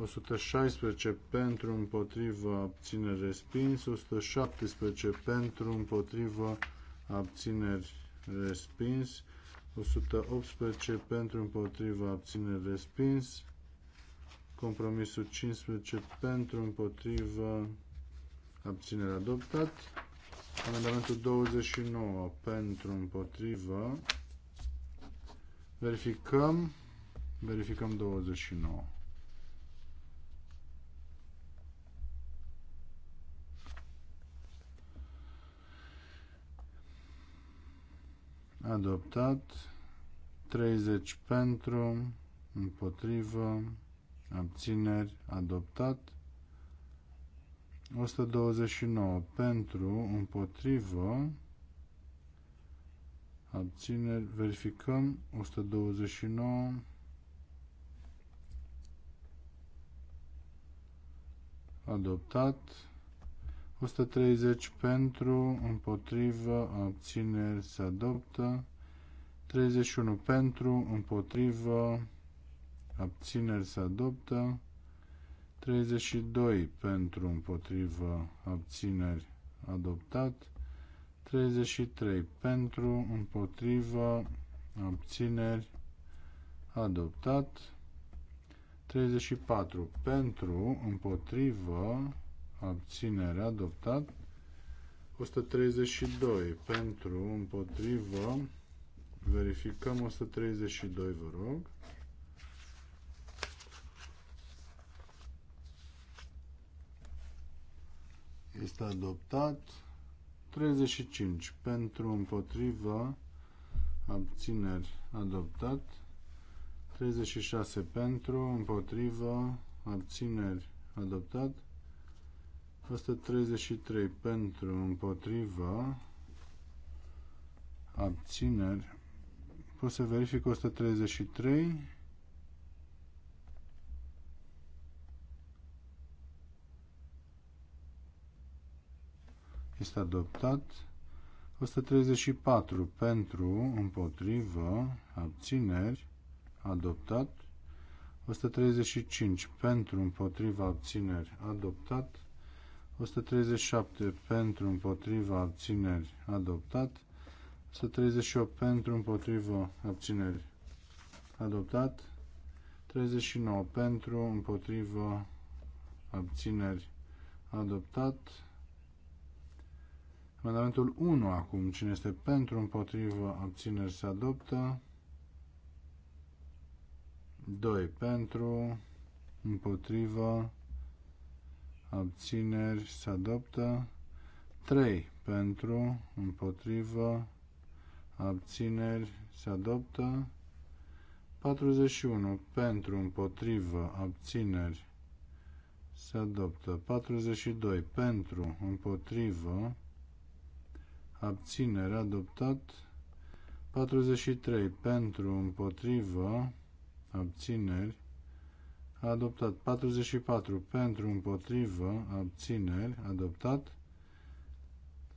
116 pentru împotrivă abțineri respins, 117 pentru împotrivă abțineri respins, 118 pentru împotrivă abțineri respins, compromisul 15 pentru împotrivă abținere adoptat, amendamentul 29 pentru împotrivă, verificăm, verificăm 29. adoptat 30 pentru împotrivă abțineri adoptat 129 pentru împotrivă abțineri verificăm 129 adoptat 130 pentru, împotrivă, abțineri se adoptă. 31 pentru, împotrivă, abțineri se adoptă. 32 pentru, împotrivă, abțineri adoptat. 33 pentru, împotrivă, abțineri adoptat. 34 pentru, împotrivă, abținere adoptat 132 pentru împotrivă verificăm 132 vă rog este adoptat 35 pentru împotrivă abțineri adoptat 36 pentru împotrivă abțineri adoptat 133 pentru, împotriva, abțineri. Pot să verific 133. Este adoptat. 134 pentru, împotrivă, abțineri, adoptat. 135 pentru, împotriva, abțineri, adoptat. 137 pentru împotriva abțineri adoptat. 138 pentru împotriva abțineri adoptat. 39 pentru împotriva abțineri adoptat. Amendamentul 1 acum. Cine este pentru, împotriva abțineri se adoptă. 2 pentru, împotrivă, abțineri se adoptă 3 pentru împotrivă abțineri se adoptă 41 pentru împotrivă abțineri se adoptă 42 pentru împotrivă abținere adoptat 43 pentru împotrivă abțineri adoptat. 44 pentru, împotrivă, abțineri, adoptat.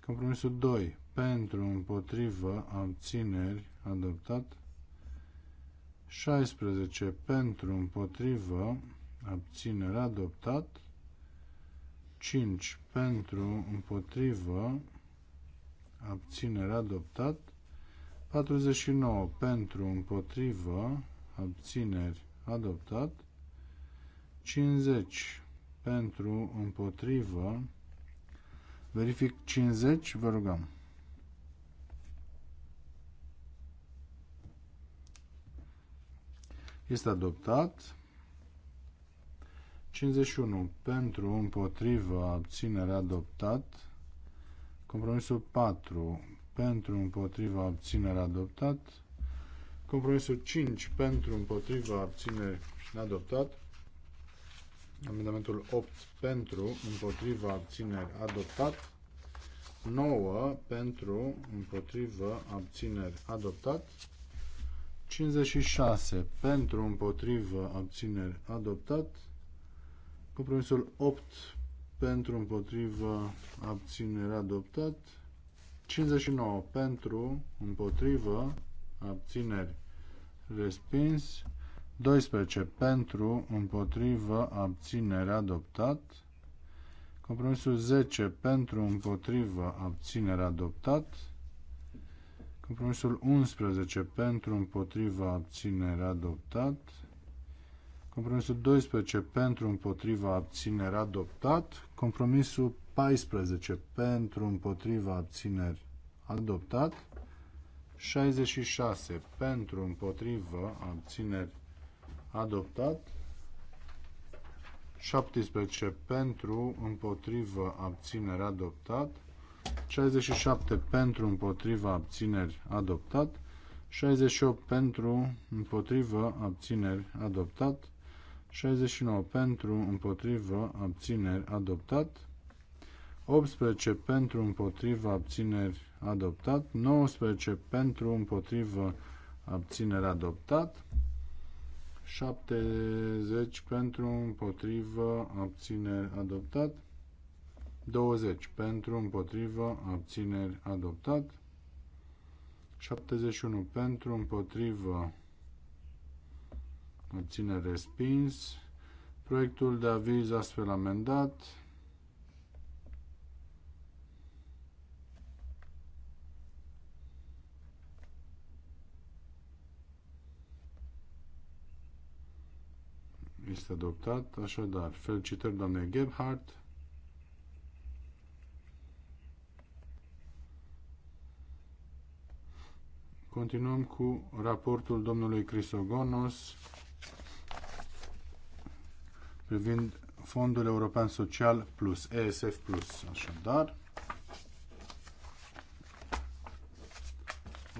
Compromisul 2 pentru, împotrivă, abțineri, adoptat. 16 pentru, împotrivă, abținere, adoptat. 5 pentru, împotrivă, abținere, adoptat. 49 pentru, împotrivă, abțineri, adoptat. 50 pentru, împotrivă. Verific 50, vă rugăm. Este adoptat. 51 pentru, împotrivă, abținere, adoptat. Compromisul 4 pentru, împotrivă, abținere, adoptat. Compromisul 5 pentru, împotrivă, abținere, adoptat. Amendamentul 8 pentru, împotriva, abțineri, adoptat. 9 pentru, împotrivă, abțineri, adoptat. 56 pentru, împotrivă, abțineri, adoptat. Compromisul 8 pentru, împotrivă, abțineri, adoptat. 59 pentru, împotrivă, abțineri, respins. 12 pentru, împotrivă, abținere adoptat. Compromisul 10 pentru, împotrivă, abținere adoptat. Compromisul 11 pentru, împotrivă, abținere adoptat. Compromisul 12 pentru, împotrivă, abținere adoptat. Compromisul 14 pentru, împotrivă, abținere, adoptat. 66 pentru, împotrivă, abțineri adoptat 17 pentru, împotrivă, abțineri, adoptat 67 pentru, împotrivă, abțineri, adoptat 68 pentru, împotrivă, abțineri, adoptat 69 pentru, împotrivă, abțineri, adoptat 18 pentru, împotrivă, abțineri, adoptat 19 pentru, împotrivă, abțineri, adoptat 70 pentru, împotrivă, abțineri, adoptat. 20 pentru, împotrivă, abțineri, adoptat. 71 pentru, împotrivă, abțineri, respins. Proiectul de aviz astfel amendat. Este adoptat. Așadar, felicitări doamne Gebhardt. Continuăm cu raportul domnului Crisogonos privind Fondul European Social Plus, ESF Plus, așadar.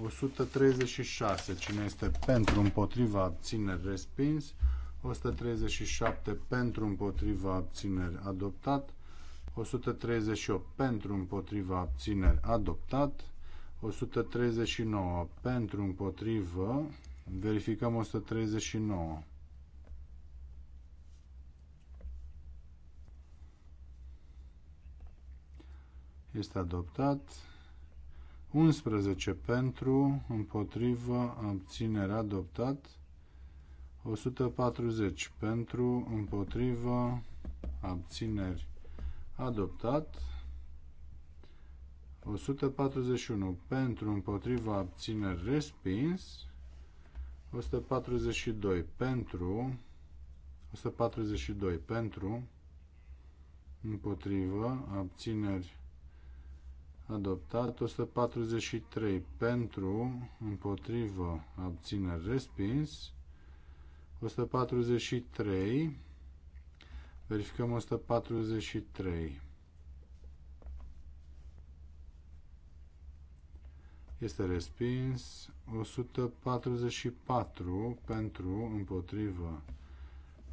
136. Cine este pentru, împotriva, abține, respins. 137 pentru împotriva abțineri adoptat, 138 pentru împotriva abțineri adoptat, 139 pentru împotrivă, verificăm 139. Este adoptat. 11 pentru, împotrivă, abținere adoptat. 140 pentru, împotrivă, abțineri, adoptat. 141 pentru, împotriva, abțineri, respins. 142 pentru, 142 pentru, împotrivă, abțineri, adoptat. 143 pentru, împotrivă, abțineri, respins. 143. Verificăm 143. Este respins. 144 pentru, împotrivă,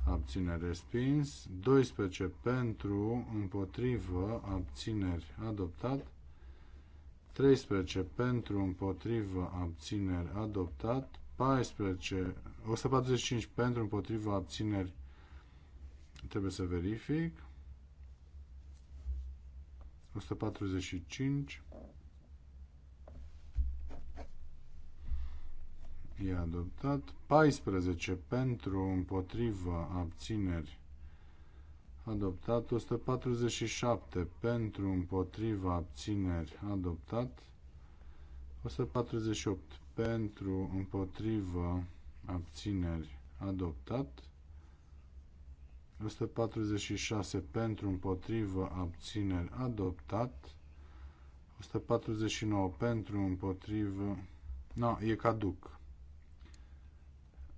abțineri respins. 12 pentru, împotrivă, abțineri adoptat. 13 pentru, împotrivă, abțineri adoptat. 14, 145 pentru, împotriva, abțineri, trebuie să verific. 145 e adoptat 14 pentru împotriva abțineri adoptat 147 pentru împotriva abțineri adoptat 148 pentru, împotrivă, abțineri, adoptat. 146 pentru, împotrivă, abțineri, adoptat. 149 pentru, împotrivă, nu, no, e caduc.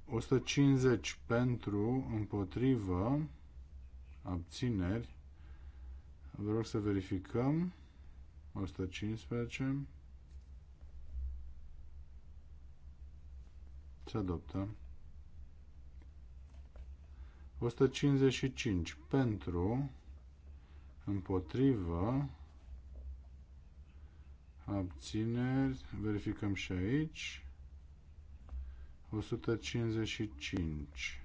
150 pentru, împotrivă, abțineri. Vă rog să verificăm. 115. Se adoptă. 155 pentru, împotrivă, abțineri, verificăm și aici. 155.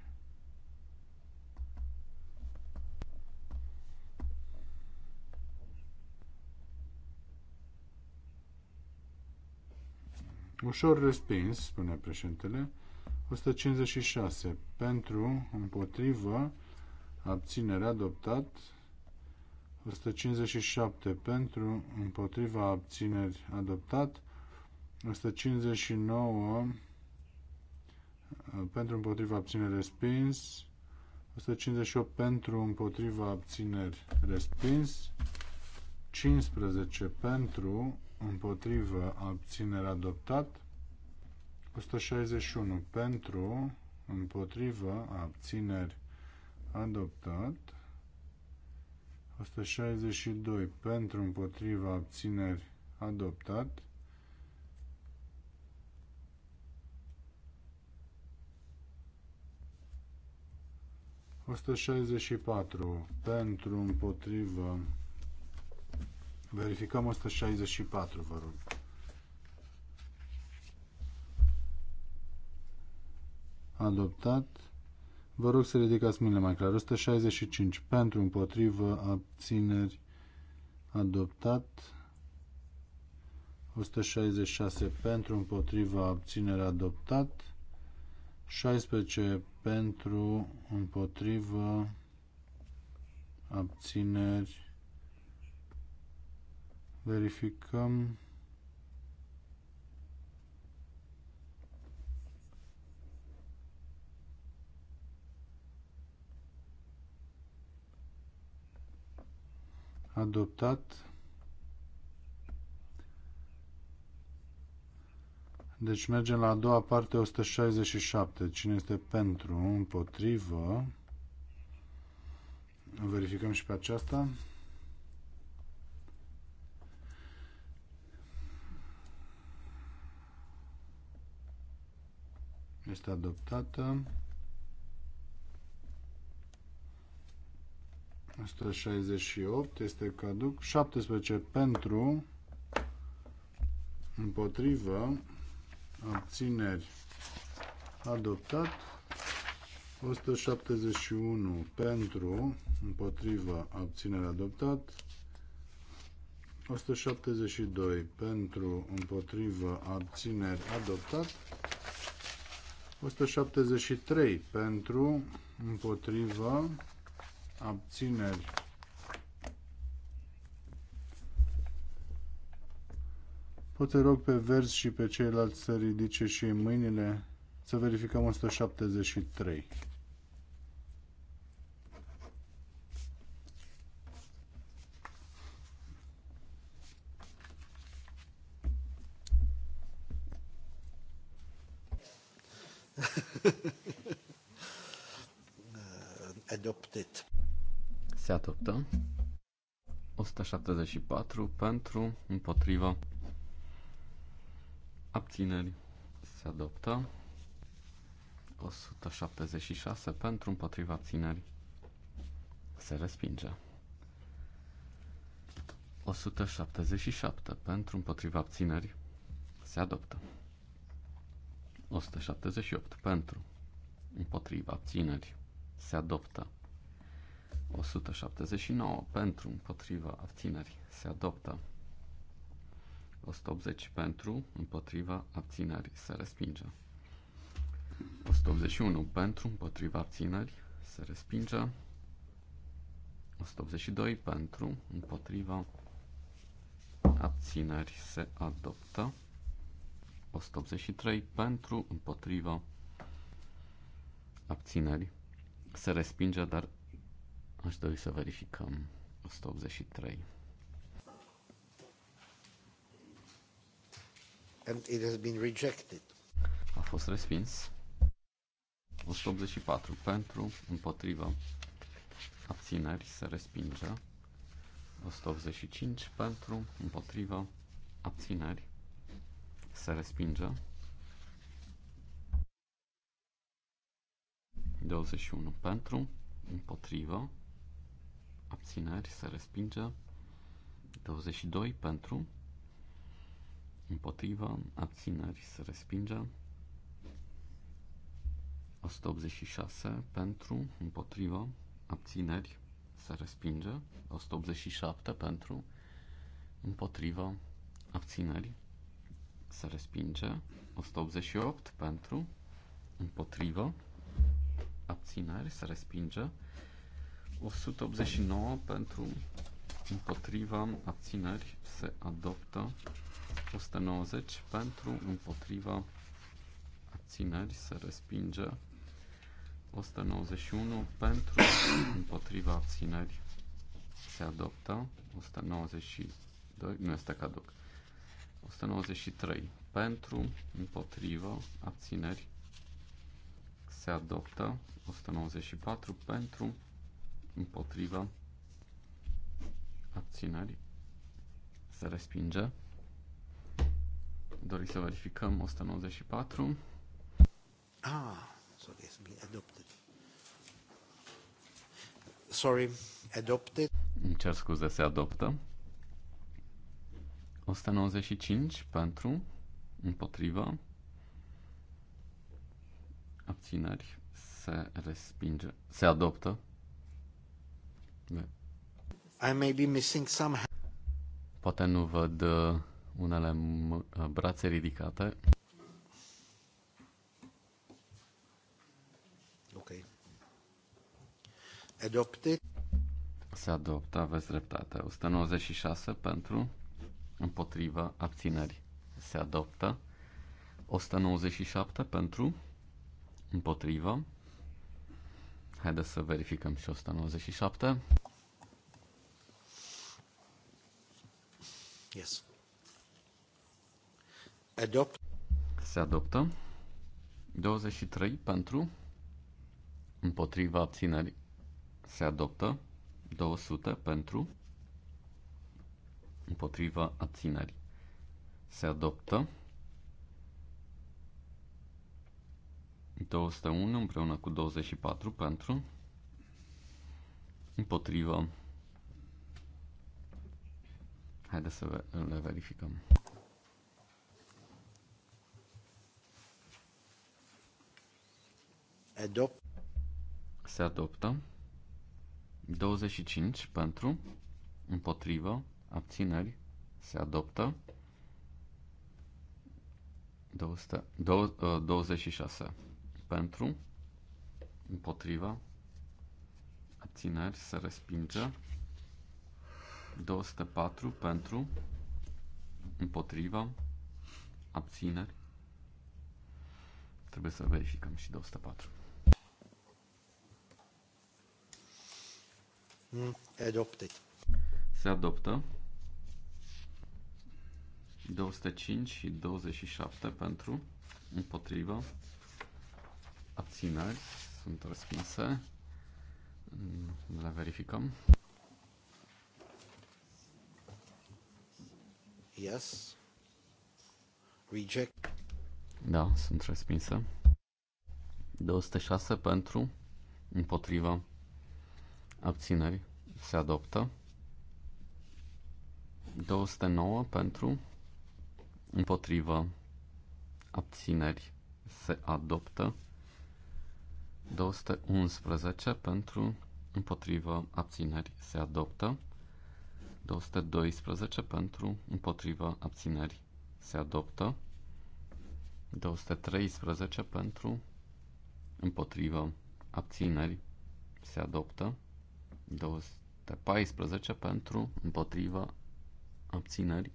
Ușor respins, spune președintele. 156. Pentru, împotrivă, abținere adoptat. 157. Pentru, împotriva, abțineri adoptat. 159. Uh, pentru, împotriva, abțineri respins. 158 pentru, împotriva, abțineri, respins. 15 pentru, împotrivă, abținere adoptat. 161 pentru, împotrivă, abțineri adoptat. 162 pentru, împotrivă, abțineri adoptat. 164 pentru împotrivă Verificăm 164, vă rog. Adoptat. Vă rog să ridicați mâinile mai clar. 165 pentru, împotrivă, abțineri. Adoptat. 166 pentru, împotrivă, abținere, adoptat. 16 pentru, împotrivă, abțineri, Verificăm. Adoptat. Deci mergem la a doua parte, 167. Cine este pentru, împotrivă? Verificăm și pe aceasta. Este adoptată. 168 este caduc. 17 pentru, împotrivă, abțineri, adoptat. 171 pentru, împotrivă, abținere adoptat. 172 pentru, împotrivă, abțineri adoptat. 173 pentru, împotrivă, abțineri. Pot rog pe verzi și pe ceilalți să ridice și mâinile să verificăm 173. 24 pentru, împotriva, abțineri se adoptă. 176 pentru, împotriva, abțineri se respinge. 177 pentru, împotriva, abțineri se adoptă. 178 pentru, împotriva, abțineri se adoptă. 179 pentru, împotriva, abțineri, se adoptă. 180 pentru, împotriva, abțineri, se respinge. 181 pentru, împotriva, abțineri, se respinge. 182 pentru, împotriva, abțineri, se adoptă. 183 pentru, împotriva, abțineri, se respinge, dar Aș dori să verificăm 183. And it has been rejected. A fost respins. 184 pentru, împotriva, abțineri se respinge. 185 pentru, împotriva, abțineri se respinge. 21 pentru, împotriva, abțineri se respinge. 22 pentru, împotriva, abțineri se respinge. 186 pentru, împotriva, abțineri se respinge. 187 pentru, împotriva, abțineri se respinge. 188 pentru, împotriva, abțineri se respinge. 189 pentru împotriva abțineri se adoptă 190 pentru împotriva abțineri se respinge 191 pentru împotriva abțineri se adoptă 192 nu este caduc 193 pentru împotriva abțineri se adoptă 194 pentru împotriva, abțineri, se respinge. Dori să verificăm 194. Ah, so it's been adopted. Sorry, adopted. Îmi cer scuze, se adoptă. 195 pentru, împotriva, abțineri, se respinge, se adoptă. Da. I may be missing some... Poate nu văd uh, unele uh, brațe ridicate. Ok. Adopted. Se adoptă, aveți dreptate. 196 pentru, împotriva, abțineri. Se adoptă. 197 pentru, împotriva, Haideți să verificăm și 197. Yes. Adopt. Se adoptă. 23 pentru. Împotriva abținerii. Se adoptă. 200 pentru. Împotriva abținerii. Se adoptă. 201 împreună cu 24 pentru, împotrivă. Haideți să le verificăm. Adopt. Se adoptă. 25 pentru, împotrivă, abțineri, se adoptă. 200, 26 pentru, împotriva, abțineri, se respinge. 204 pentru, împotriva, abțineri. Trebuie să verificăm și 204. Hmm, adopted. Se adoptă. 205 și 27 pentru, împotriva, abțineri sunt răspunse. Le verificăm. Yes. Reject. Da, sunt respinse. 206 pentru, împotriva, abțineri, se adoptă. 209 pentru, împotriva, abțineri, se adoptă. 211 pentru, împotrivă, abțineri se adoptă. 212 pentru, împotrivă, abțineri se adoptă. 213 pentru, împotrivă, abțineri se adoptă. 214 pentru, împotrivă, abțineri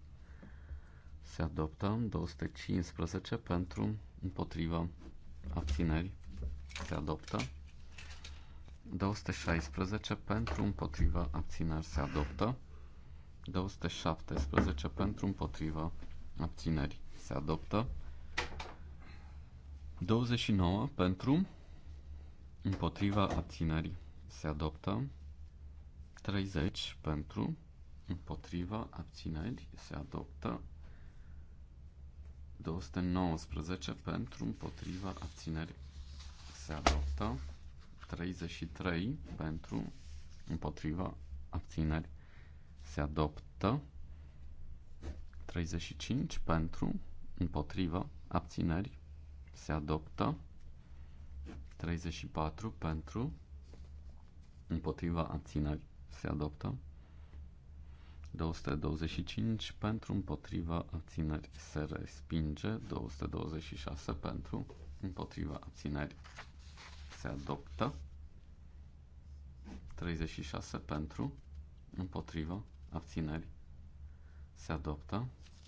se adoptă. 215 pentru, împotrivă, abțineri se adoptă. 216 pentru împotriva abțineri se adoptă. 217 pentru împotriva abțineri se adoptă. 29 pentru împotriva abțineri se adoptă. 30 pentru împotriva abțineri se adoptă. 219 pentru împotriva abțineri se adoptă. 33 pentru, împotriva, abțineri, se adoptă. 35 pentru, împotriva, abțineri, se adoptă. 34 pentru, împotriva, abțineri, se adoptă. 225 pentru împotriva abțineri se respinge, 226 pentru împotriva abțineri se adoptă. 36 pentru, împotrivă, abțineri, se adoptă.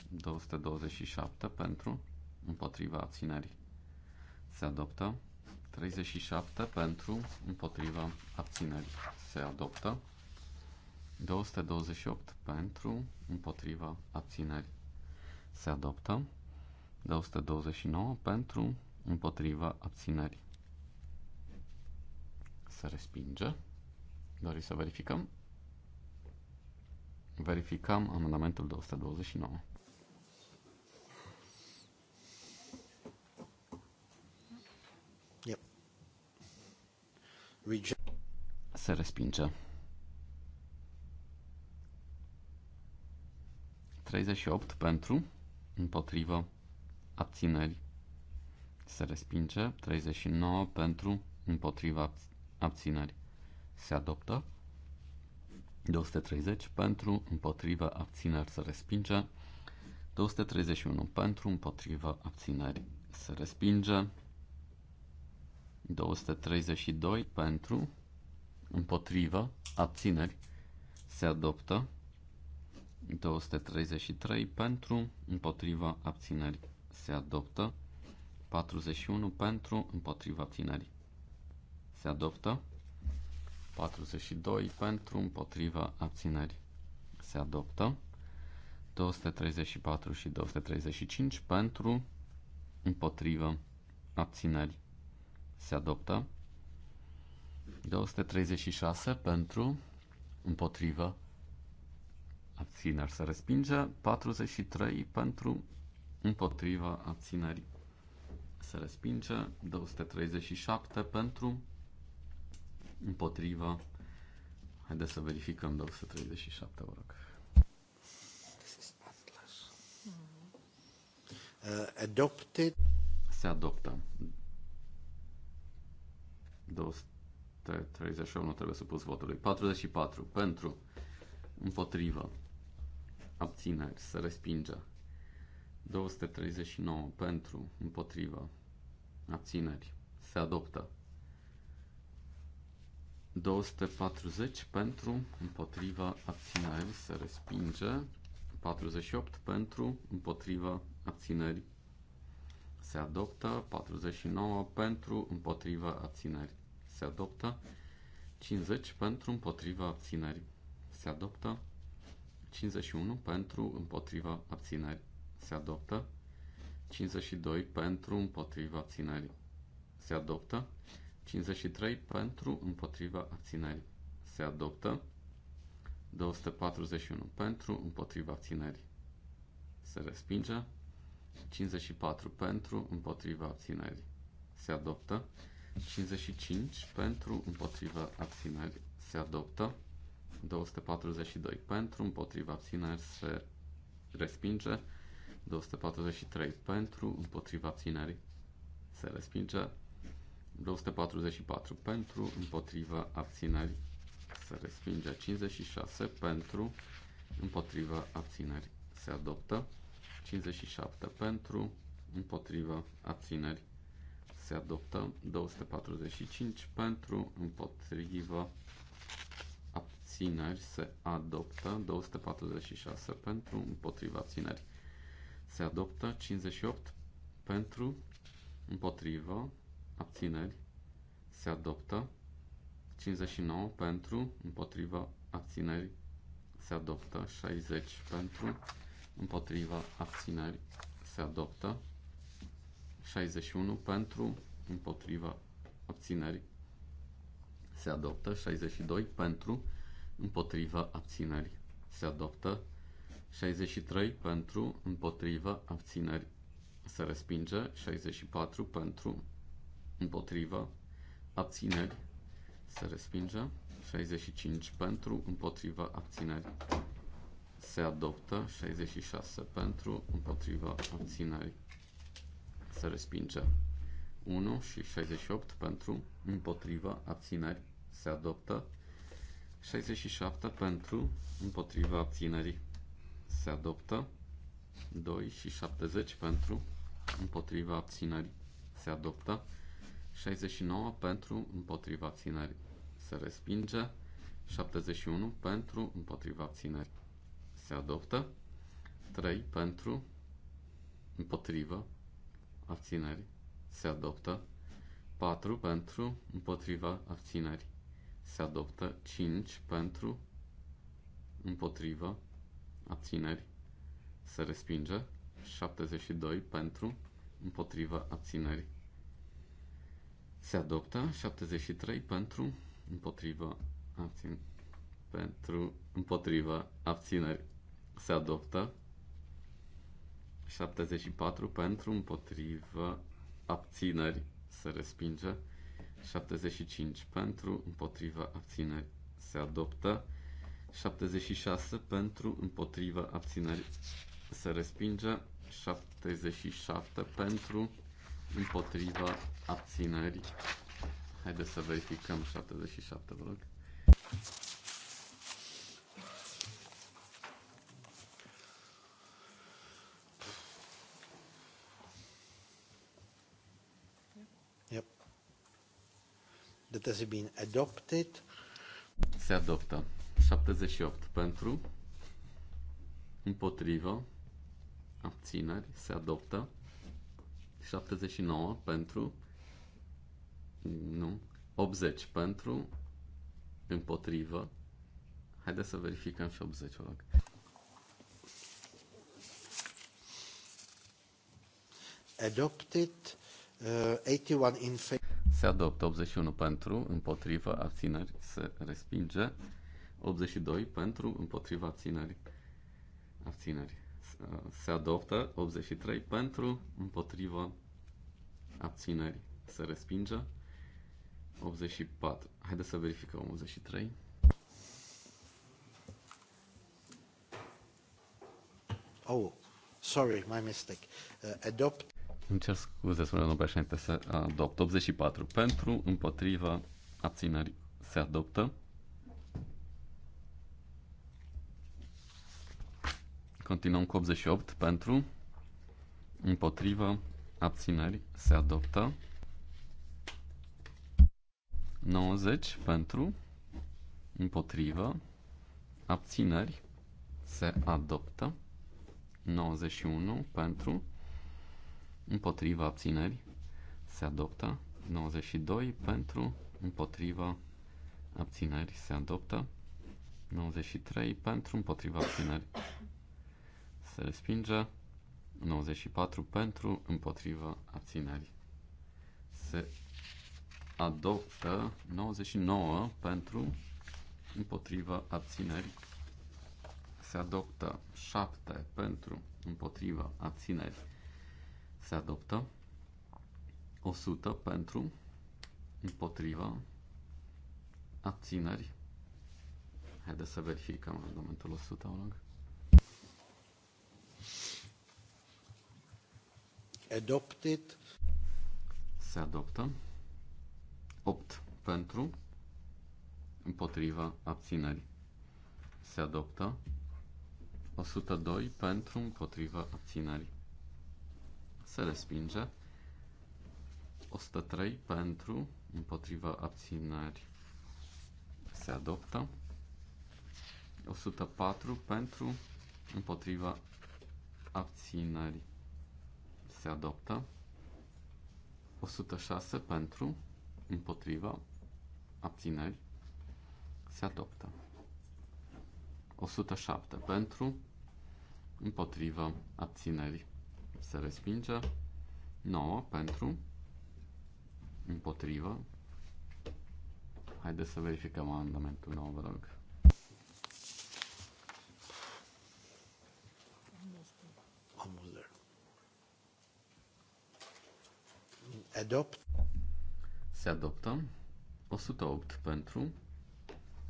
227 pentru, împotriva abțineri. Se adoptă. 37 pentru, împotriva abțineri. Se adoptă. 228 pentru, împotriva abțineri. Se adoptă. 229 pentru, împotriva abțineri se respinge. Dori să verificăm? Verificăm amendamentul 229. Reject. Se respinge. 38 pentru, împotrivă, abțineri. Se respinge. 39 pentru, împotriva abțineri se adoptă. 230 pentru, împotriva, abțineri se respinge. 231 pentru, împotriva, abțineri se respinge. 232 pentru, împotriva, abțineri se adoptă. 233 pentru, împotriva, abțineri se adoptă. 41 pentru, împotriva, abțineri se adoptă. 42 pentru, împotriva, abțineri, se adoptă. 234 și 235 pentru, împotrivă, abțineri, se adoptă. 236 pentru, împotrivă, abțineri, se respinge. 43 pentru, împotriva abținerii. Se respinge 237 pentru împotriva. Haideți să verificăm 237, vă rog. Uh, adopted. Se adoptă. 231 trebuie supus votului. 44 pentru, împotrivă, abțineri, se respinge. 239 pentru, împotrivă, abțineri, se adoptă. 240 pentru, împotriva, abținerii se respinge. 48 pentru, împotriva, abținerii se adoptă. 49 pentru, împotriva, abținerii se adoptă. 50 pentru, împotriva, abținerii se adoptă. 51 pentru, împotriva, abținerii se adoptă. 52 pentru, împotriva, abținerii se adoptă. 53 pentru, împotriva abținerii se adoptă. 241 pentru, împotriva abținerii se respinge. 54 pentru, împotriva abținerii se adoptă. 55 pentru, împotriva abținerii se adoptă. 242 pentru, împotriva abțineri se respinge. 243 pentru, împotriva abținerii se respinge. 244 pentru, împotriva abțineri se respinge. 56 pentru, împotriva abțineri se adoptă. 57 pentru, împotriva abțineri se adoptă. 245 pentru, împotriva abțineri se adoptă. 246 pentru, împotriva abțineri se adoptă. 58 pentru, împotriva abțineri, se adoptă. 59 pentru, împotriva, abțineri, se adoptă. 60 pentru, împotriva, abțineri, se adoptă. 61 pentru, împotriva, abțineri, se adoptă. 62 pentru, împotriva, abțineri, se adoptă. 63 pentru, împotriva, abțineri, se respinge. 64 pentru, împotrivă, abțineri, se respinge. 65 pentru, împotrivă, abțineri, se adoptă. 66 pentru, împotrivă, abțineri, se respinge. 1 și 68 pentru, împotrivă, abțineri, se adoptă. 67 pentru, împotriva abțineri, se adoptă. 2 și 70 pentru, împotriva abținerii, se adoptă. 69 pentru împotriva abțineri se respinge. 71 pentru împotriva abțineri se adoptă. 3 pentru împotriva abțineri se adoptă. 4 pentru împotriva abțineri se adoptă. 5 pentru împotriva abțineri se respinge. 72 pentru împotriva abțineri se adoptă 73 pentru împotriva abțin pentru împotriva abțineri. Se adoptă 74 pentru împotriva abțineri. Se respinge 75 pentru împotriva abțineri. Se adoptă 76 pentru împotriva abțineri. Se respinge 77 pentru împotriva abținerii. Haideți să verificăm 77, vă rog. Yep. That has been adopted. Se adoptă. 78 pentru, împotrivă, abțineri, se adoptă. 79 pentru, nu, 80 pentru, împotrivă. Haideți să verificăm și 80, rog. Adopted uh, 81 in favor. Se adoptă 81 pentru, împotrivă, abțineri, se respinge. 82 pentru, împotriva abțineri, abțineri se adoptă, 83 pentru, împotrivă, abțineri, se respinge, 84. Haideți să verificăm 83. Oh, sorry, my mistake. Uh, adopt. Îmi cer scuze, spune domnul președinte, se adoptă 84 pentru, împotriva, abțineri, se adoptă. Continuăm cu 88 pentru, împotrivă, abțineri, se adoptă. 90 pentru, împotrivă, abțineri, se adoptă. 91 pentru, împotriva abțineri, se adoptă. 92 pentru, împotriva abțineri, se adoptă. 93 pentru, împotriva abțineri, se respinge. 94 pentru, împotriva, abțineri. Se adoptă 99 pentru, împotriva, abțineri. Se adoptă 7 pentru, împotriva, abțineri. Se adoptă 100 pentru, împotriva, abțineri. Haideți să verificăm argumentul 100, lung. Adopted. Se adoptă. 8 pentru. Împotriva abținerii. Se adoptă. 102 pentru. Împotriva abținerii. Se respinge. 103 pentru. Împotriva abținerii. Se adoptă. 104 pentru. Împotriva abținerii se adoptă. 106 pentru, împotriva, abțineri, se adoptă. 107 pentru, împotriva, abțineri, se respinge. 9 pentru, împotriva. Haideți să verificăm amendamentul 9, vă rog. adopt. Se adoptă 108 pentru,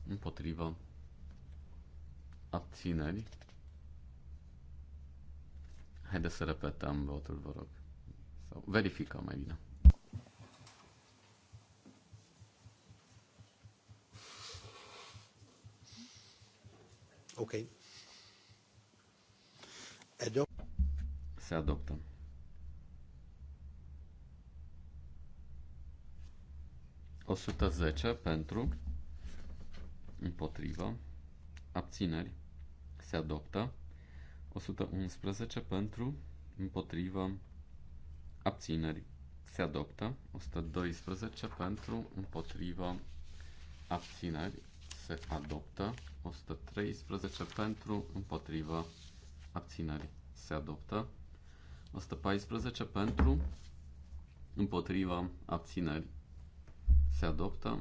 împotriva, abțineri. Haideți să repetăm votul, vă rog. Sau verificăm mai bine. Ok. Adopt. Se adoptă. 110 pentru, împotrivă, abțineri, se adoptă. 111 pentru, împotrivă, abțineri, se adoptă. 112 pentru, împotrivă, abțineri, se adoptă. 113 pentru, împotrivă, abțineri, se adoptă. 114 pentru, împotrivă, abțineri se adoptă.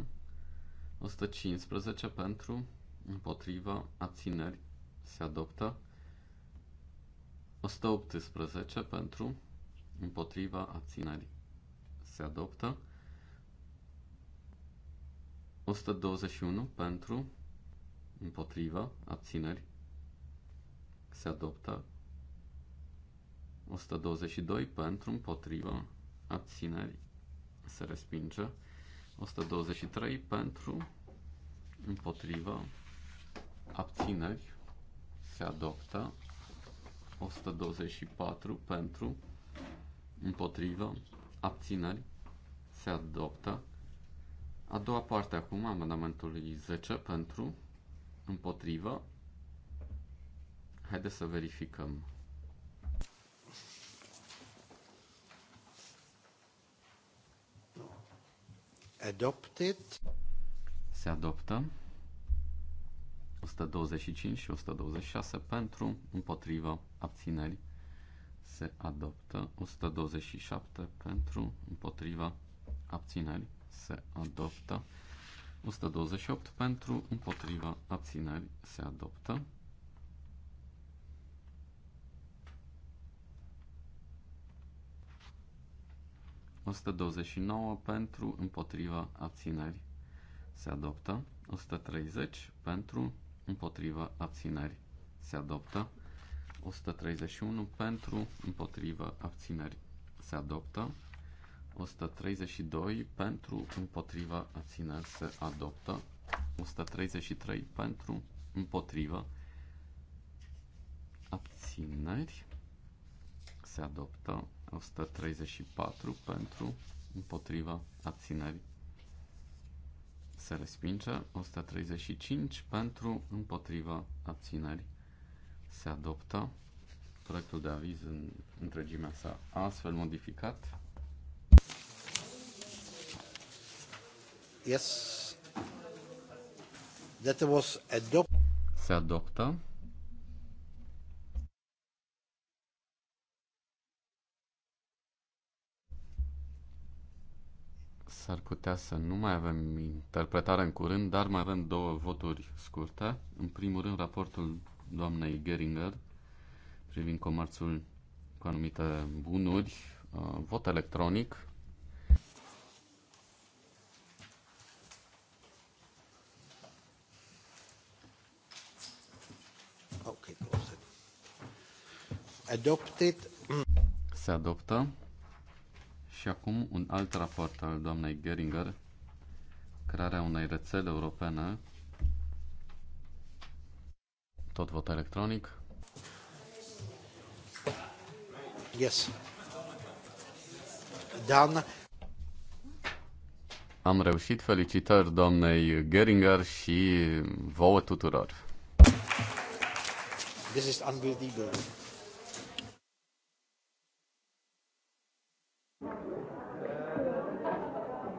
115 pentru, împotriva, abțineri, se adoptă. 118 pentru, împotriva, abțineri, se adoptă. 121 pentru, împotriva, abțineri, se adoptă. 122 pentru, împotriva, abțineri, se respinge. 123 pentru, împotrivă, abțineri, se adoptă. 124 pentru, împotrivă, abțineri, se adoptă. A doua parte acum, amendamentului 10 pentru, împotrivă. Haideți să verificăm adopted. Se adoptă. 125 și 126 pentru, împotrivă, abțineri. Se adoptă. 127 pentru, împotriva, abțineri. Se adoptă. 128 pentru, împotriva, abțineri. Se adoptă. 129 pentru, împotriva abțineri se adoptă. 130 pentru, împotriva abțineri se adoptă. 131 pentru, împotriva abțineri se adoptă. 132 pentru, împotriva abțineri se adoptă. 133 pentru, împotriva abțineri se adoptă. 134 pentru, împotriva, abținerii. Se respinge. 135 pentru, împotriva, abținerii. Se adoptă proiectul de aviz în întregimea sa astfel modificat. Yes. That was adopt- se adoptă S-ar putea să nu mai avem interpretare în curând, dar mai avem două voturi scurte. În primul rând, raportul doamnei Geringer privind comerțul cu anumite bunuri, uh, vot electronic. Okay, Adopted. Se adoptă. Și acum un alt raport al doamnei Geringer, crearea unei rețele europene, tot vot electronic. Yes. Dan. Am reușit. Felicitări doamnei Geringer și vouă tuturor. This is unbelievable.